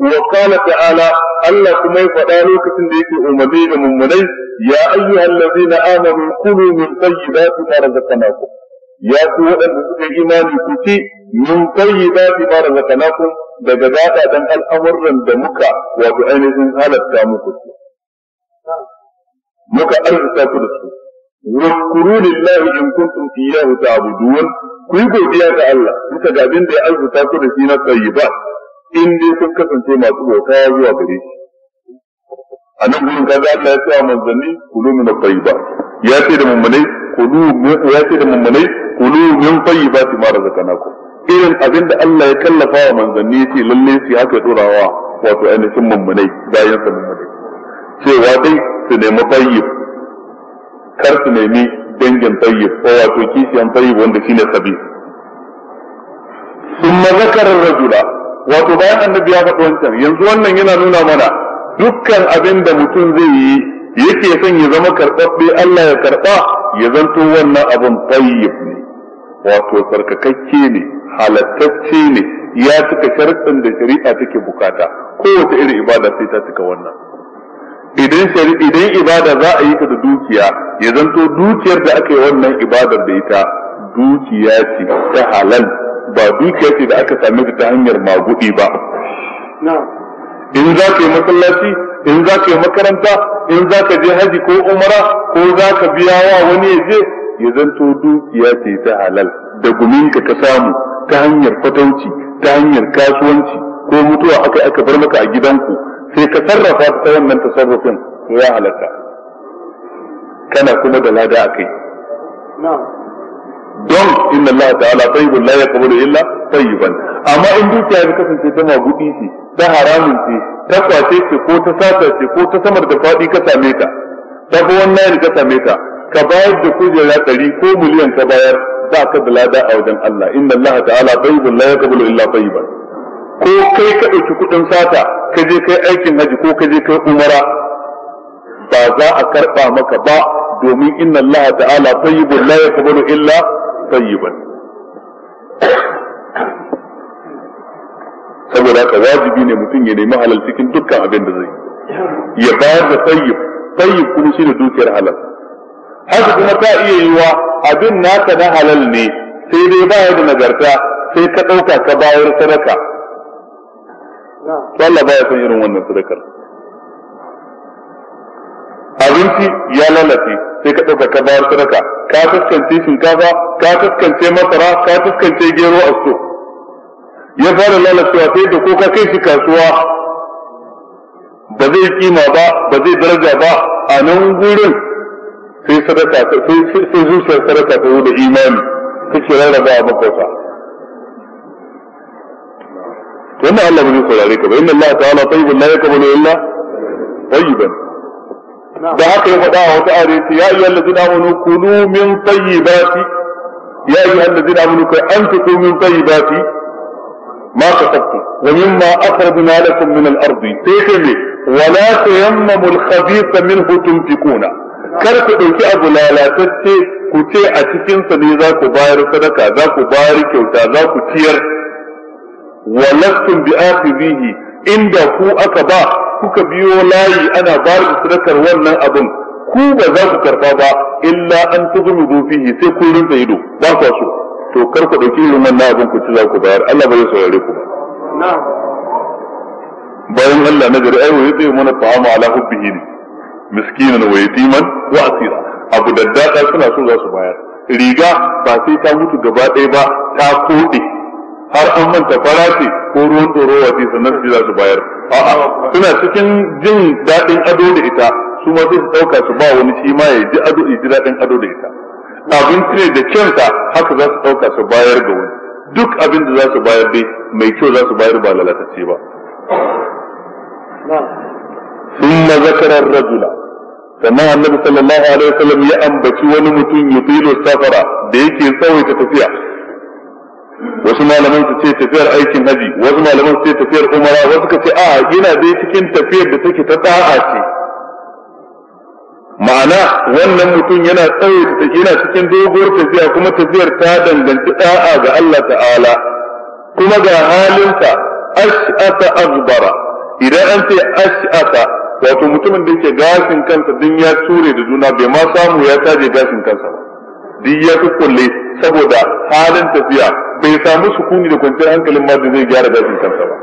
[SPEAKER 2] وقال تعالى Allah kuma ya faɗa lokacin da yake umarni da mummunai ya ayyuhal na amanu kulu min tayyibati ma razaqnakum ya ku waɗanda suka yi imani ku ci min tayyibati ma razaqnakum daga zaɓa dan al'amuran da muka wato ainihin halatta muku muka arzuta ku da su waskuru lillahi in kuntum iyyahu ta'budun ku yi godiya ga Allah bisa ga abin da ya arzuta ku da shi na tayyibat in dai sun kasance masu bauta zuwa gare shi a nan gurin kaza Allah ya ce wa manzanni kulu min tayyiba ya ce da mummunai kulu ya ce da mummunai kulu min tayyiba ma razaqnakum irin abin da Allah ya kallafa wa manzanni ce, lalle su haka durawa wato ainihin mummunai bayan sa mummunai cewa dai su nemi tayyib kar su nemi dangin tayyib ko wato kishiyan tayyib wanda shine sabi ثم ذكر الرجل wato bayan annabi ya faɗi wancan yanzu wannan yana nuna mana dukkan abin da mutum zai yi yake son ya zama karɓaɓɓe Allah ya karɓa ya zanto wannan abin tayyib ne wato tsarkakakke ne halattacce ne ya cika sharɗin da shari'a take bukata kowace irin ibada sai ta cika wannan idan idan ibada za a yi ta da dukiya ya zanto dukiyar da aka yi wannan ibadar da ita dukiya ce ta halal ba dukiya ce da aka same ta ta hanyar magudi ba in za ka yi masallaci in za ka yi makaranta in za ka je haji ko umara ko za ka biya wa wani ya je ya zanto dukiya ce ta halal da guminka ka samu ta hanyar fatanci, ta hanyar kasuwanci ko mutuwa aka aka bar maka a gidanku sai ka sarrafa ta wannan tasarrufin ya halatta kana kuma da lada a kai don inna Allah ta'ala tayyibun la yaqbalu illa tayyiban amma in dukiya ta kasance ta magudi ce ta haramun ce ta kwace ce ko ta sata ce ko ta samar da fadi ka same ta ta ga wannan ka same ta ka bayar da kujera ɗari ko miliyan ka bayar ba ka da lada a wajen Allah inna Allah ta'ala tayyibun la yaqbalu illa tayyiban ko kai ka ɗauki kuɗin sata ka je kai aikin haji ko ka je kai umara ba za a karɓa maka ba domin inna Allah ta'ala tayyibun la yaqbalu illa tayyiban saboda haka wajibi ne mutum ya nemi halal cikin dukkan abin da zai ya bayar da tayyib tayyib kuma shine dukiyar halal haka kuma ta iya yiwa abin naka na halal ne sai dai baya da nagarta sai ka ɗauka ka bayar sadaka Allah baya san irin wannan sadakar abinci ya lalace sai ka ɗauka ka bayar sadaka ka fuskance shinkafa ka kaskance masara ka kaskance gero a so ya fara lalacewa sai da ko ka kai shi kasuwa ba zai kima ba ba zai daraja ba a nan gurin sai sadaka sai zuciyar sadaka ta da imani kake rarraba a makwasa wannan Allah bai zai saurare ka ba inna Allah ta'ala tayyibun la yakbalu illa tayyiban da haka ya faɗa wa wata aure ya yi allazi na amanu kulu min tayyibati ya yi allazi na amanu kai an fito min tayyibati ma ka sabtu wa mimma akhrajna lakum min al-ardi sai kai me wala tayammamu al-khabitha minhu tunfiquna kar ku ɗauki abu lalatacce ku ce a cikinsa ne za ku bayar sadaka za ku bayar kyauta za ku ciyar walastum bi akhidhihi inda ku aka ba kuka biyo layi ana ba da sadakar wannan abin ku ba za ku karba ba illa an tuzumi fihi sai ku rinka ido ba ku so to kar ku dauki irin wannan abin ku ci za ku bayar Allah ba zai saurare ku ba bayan Allah na gari ai waye zai mana ta'amu ala hubbihi ne miskinan wa yatiman wa asira abu daddada suna so za su bayar riga ba sai ta mutu gaba ɗaya ba ta koɗe har an manta farashi ko ruwan ɗorowa ce sannan su za su bayar a'a suna cikin jin daɗin ado da ita su ma su ɗauka su ba wani shi ma ya ji ado ya ji daɗin ado da ita abinci ne da kyanta haka za su ɗauka su bayar ga wani duk abin da za su bayar dai mai kyau za su bayar ba lalatacce ba ثم zakarar rajula sannan annabi sallallahu alaihi wasallam ya ambaci wani mutum ya yutilu safara da yake tsawaita tafiya wasu malaman su ce tafiyar aikin haji wasu malaman su ce tafiyar umara wasu ka ce a yana dai cikin tafiyar da take ta da'a ce ma'ana wannan mutum yana tsaye yana cikin doguwar tafiya kuma tafiyar ta danganci da'a ga Allah ta'ala kuma ga halinsa ash'ata azbara idan an ce ash'ata wato mutumin da yake gashin kansa din ya ture da juna bai ma samu ya taje gashin kansa ba duk ya kulle saboda halin tafiya bai samu sukuni da kwanciyar hankalin ma da zai gyara gashin kansa ba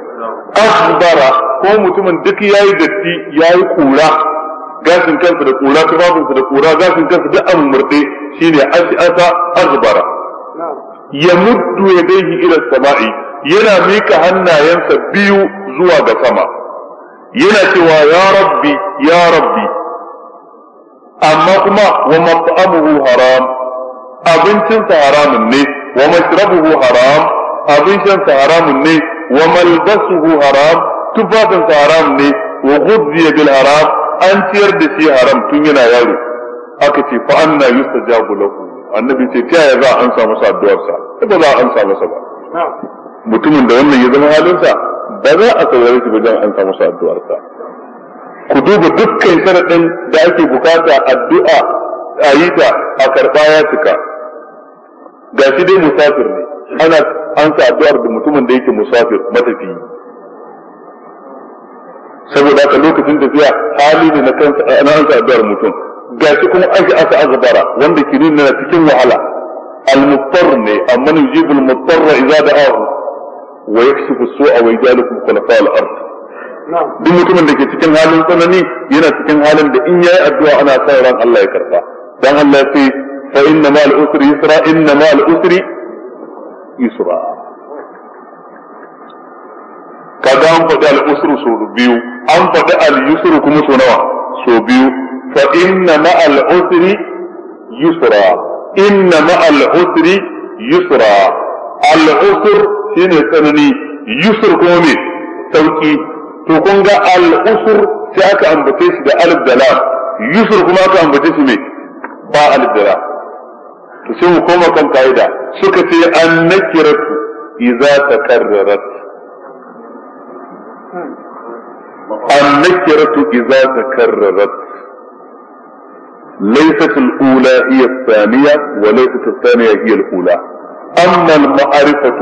[SPEAKER 2] akhbara ko mutumin duk yayi datti yayi kura gashin kansa da kura tufafinsa da kura gashin kansa duk an murde shine as'asa akhbara ya muddu yadayhi ila sama'i yana mika hannayensa biyu zuwa ga sama yana cewa ya rabbi ya rabbi amma kuma wa mat'amuhu haram abincinsa haramun ne ومشربه حرام أبيشان حرام ني وملبسه حرام تفاتن حرام ني وغذي بالحرام أنتير بسي حرام تنين يالي أكتي فأنا يستجاب له النبي تتيا يزا أنسى مسا دوار سا إذا لا أنسى مسا با mutumin da wannan ya zama halin sa ba za a saurari shi bajan an samu addu'ar sa ku duba dukkan sanadin da ake bukata addu'a a yi ta a karba ya cika ga shi dai musafir ne ana an sa addu'ar da mutumin da yake musafir matafiyi saboda haka lokacin da tafiya hali ne na kansa ana eh, an sa addu'ar mutum ga shi kuma an asa azbara wanda ke nuna cikin wahala al-muttar ne amma yujibul muttarra idza da'ahu wa yakshifu su'a wa yajalukum khulafa al-ard duk mutumin da ke cikin halin tsanani yana cikin halin da in yayi addu'a ana sa ran Allah ya karba dan Allah sai fa inna ma al-usri yusra inna ma al-usri yusra an faɗi al-usru biyu an faɗi al kuma so nawa so biyu fa inna ma al-usri inna ma al-usri yusra al-usr shine tsanani yusr kuma me sauki to kun ga al aka da alif da kuma aka shi me ba alif تسمى sai mu koma kan ka'ida suka ce an nakiratu iza ta ليست الأولى هي الثانية وليست الثانية هي الأولى أما المعرفة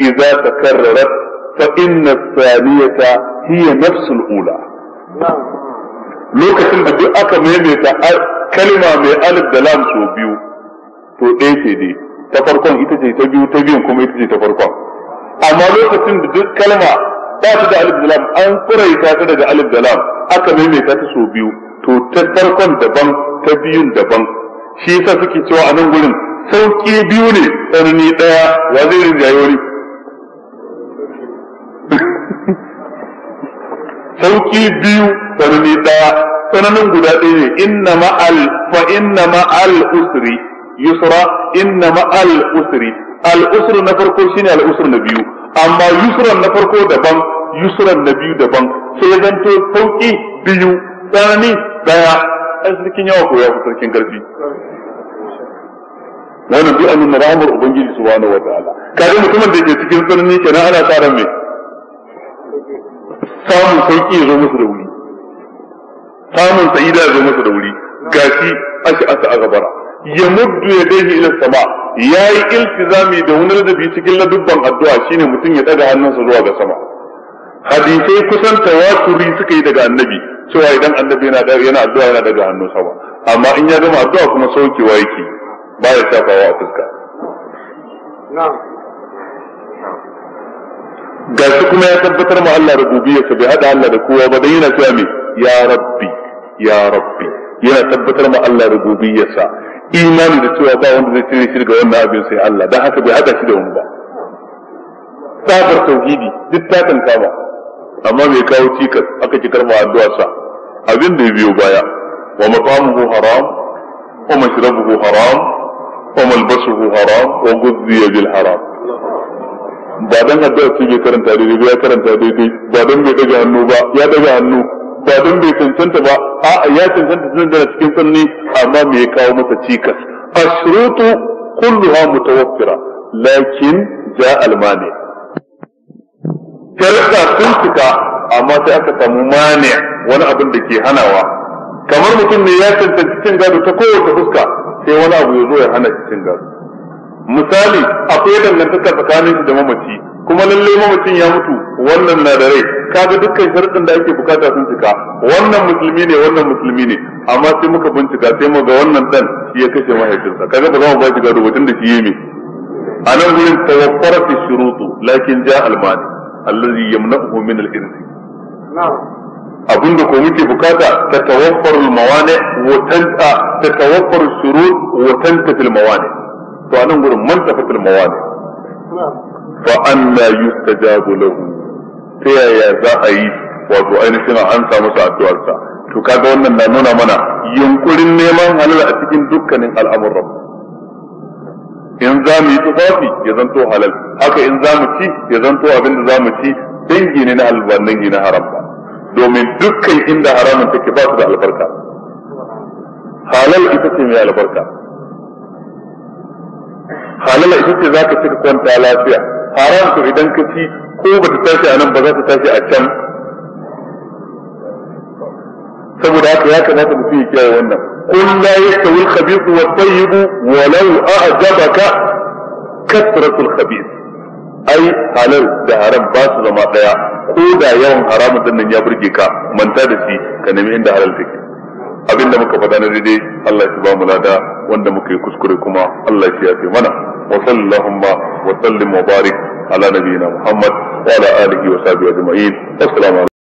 [SPEAKER 2] إذا تكررت فإن الثانية هي نفس الأولى نعم. لو كسل بدي أكا كلمة من ألف دلام سو to ɗaya ce dai ta farkon ita ce ta biyu ta biyun kuma ita ce ta farkon amma lokacin da duk kalma ba ta da alif da lam an tsiraita ta daga alif da lam aka maimaita ta so biyu to ta farkon daban ta biyun daban shi yasa suke cewa a nan gurin sauki biyu ne tsanani ɗaya wa zai rinjaye wani sauki biyu tsanani ɗaya tsananin guda ɗaya ne inna ma'al fa inna ma'al usri yusra inna ma al usri al usru na farko shine al usru na biyu amma yusran na farko daban yusran na biyu daban sai zanto sauki biyu tsanani daya dan sarkin yawa ko ya sarkin karfi wannan duk annin rahmar ubangiji subhanahu wataala kaje mutumin da ke cikin tsanani kenan ana sa ran me samun sauki ya zo musu da wuri samun sa'ida ya zo musu da wuri gashi aka aka gabara ya muddu ya dai ila sama yayi iltizami da wani ladabi cikin ladubban addu'a shine mutum ya daga hannunsa zuwa ga sama hadisai kusan tawaturi suka yi daga annabi cewa idan annabi yana yana addu'a yana daga hannun sama amma in ya gama addu'a kuma saukewa yake ba ya shafawa a fuska ga shi kuma ya tabbatar ma Allah rububiyarsa bai hada Allah da kowa ba dan yana cewa me ya rabbi ya rabbi yana tabbatar ma Allah rububiyarsa imani da cewa ba wanda zai cire shi daga wannan abin sai Allah dan haka bai haɗa shi da wani ba tsabar tauhidi duk ta tanka ba amma mai kawo cikas aka ki karba addu'a sa abin da ya biyo baya wa maqamuhu haram wa mashrabuhu haram wa malbasuhu haram wa ghudhiya bil haram ba dan addu'a ce bai karanta daidai ba ya karanta daidai ba dan bai daga hannu ba ya daga hannu ba don bai cancanta ba a'a ya cancanta tun da cikin sanni amma me ya kawo masa cikas
[SPEAKER 1] ashrutu
[SPEAKER 2] kulluha mutawaffira lakin ja almani sharuɗa sun cika amma sai aka samu mani wani abin da ke hanawa kamar mutum ne ya cancanci cikin gado ta kowace fuska sai wani abu ya zo ya hana cikin gado misali akwai dangantaka tsakanin da mamaci kuma lalle mamacin ya mutu wannan na da rai kaga dukkan sharɗin da ake bukata sun cika wannan musulmi ne wannan musulmi ne amma sai muka bincika sai mu ga wannan dan shi ya kashe mahaifinsa kaga ba za mu ba shi gado da shi yi a nan gurin tawaffarat shurutu lakin ja almani allazi yamna'uhu min al-irth abinda ko muke bukata ta tawaffarul mawane wa tanta ta tawaffarul shurut wa tanta fil mawani to a nan gurin man tafatul mawani fa an yustajabu lahu ta yaya za a yi wato a an samu sa addu'arsa to kaga wannan na nuna mana yunkurin neman halal a cikin dukkanin al'amuran in za mu yi tufafi ya zanto halal haka in za mu ci ya zanto abin da za mu ci dangi ne na na domin dukkan inda haramun take ba su da albarka halal ita ce mai albarka halal ita ce za ka cika kwanta lafiya haram to idan ka ci ko ba ta tashi a nan ba za ta tashi a can saboda haka ya kamata mutum ya kiyaye wannan
[SPEAKER 1] kun la yastawi
[SPEAKER 2] al-khabith wa at-tayyib walau a'jabaka kasratul khabith ai halal da haram ba su zama daya ko da yawan haramun din nan ya burge ka manta da shi ka nemi inda halal take abinda muka faɗa na daidai Allah ya ba mu lada wanda muka yi kuskure kuma Allah ya yafe mana wa sallallahu wa sallim wa barik ala nabiyina Muhammad wa
[SPEAKER 1] ala alihi wa sahbihi ajma'in assalamu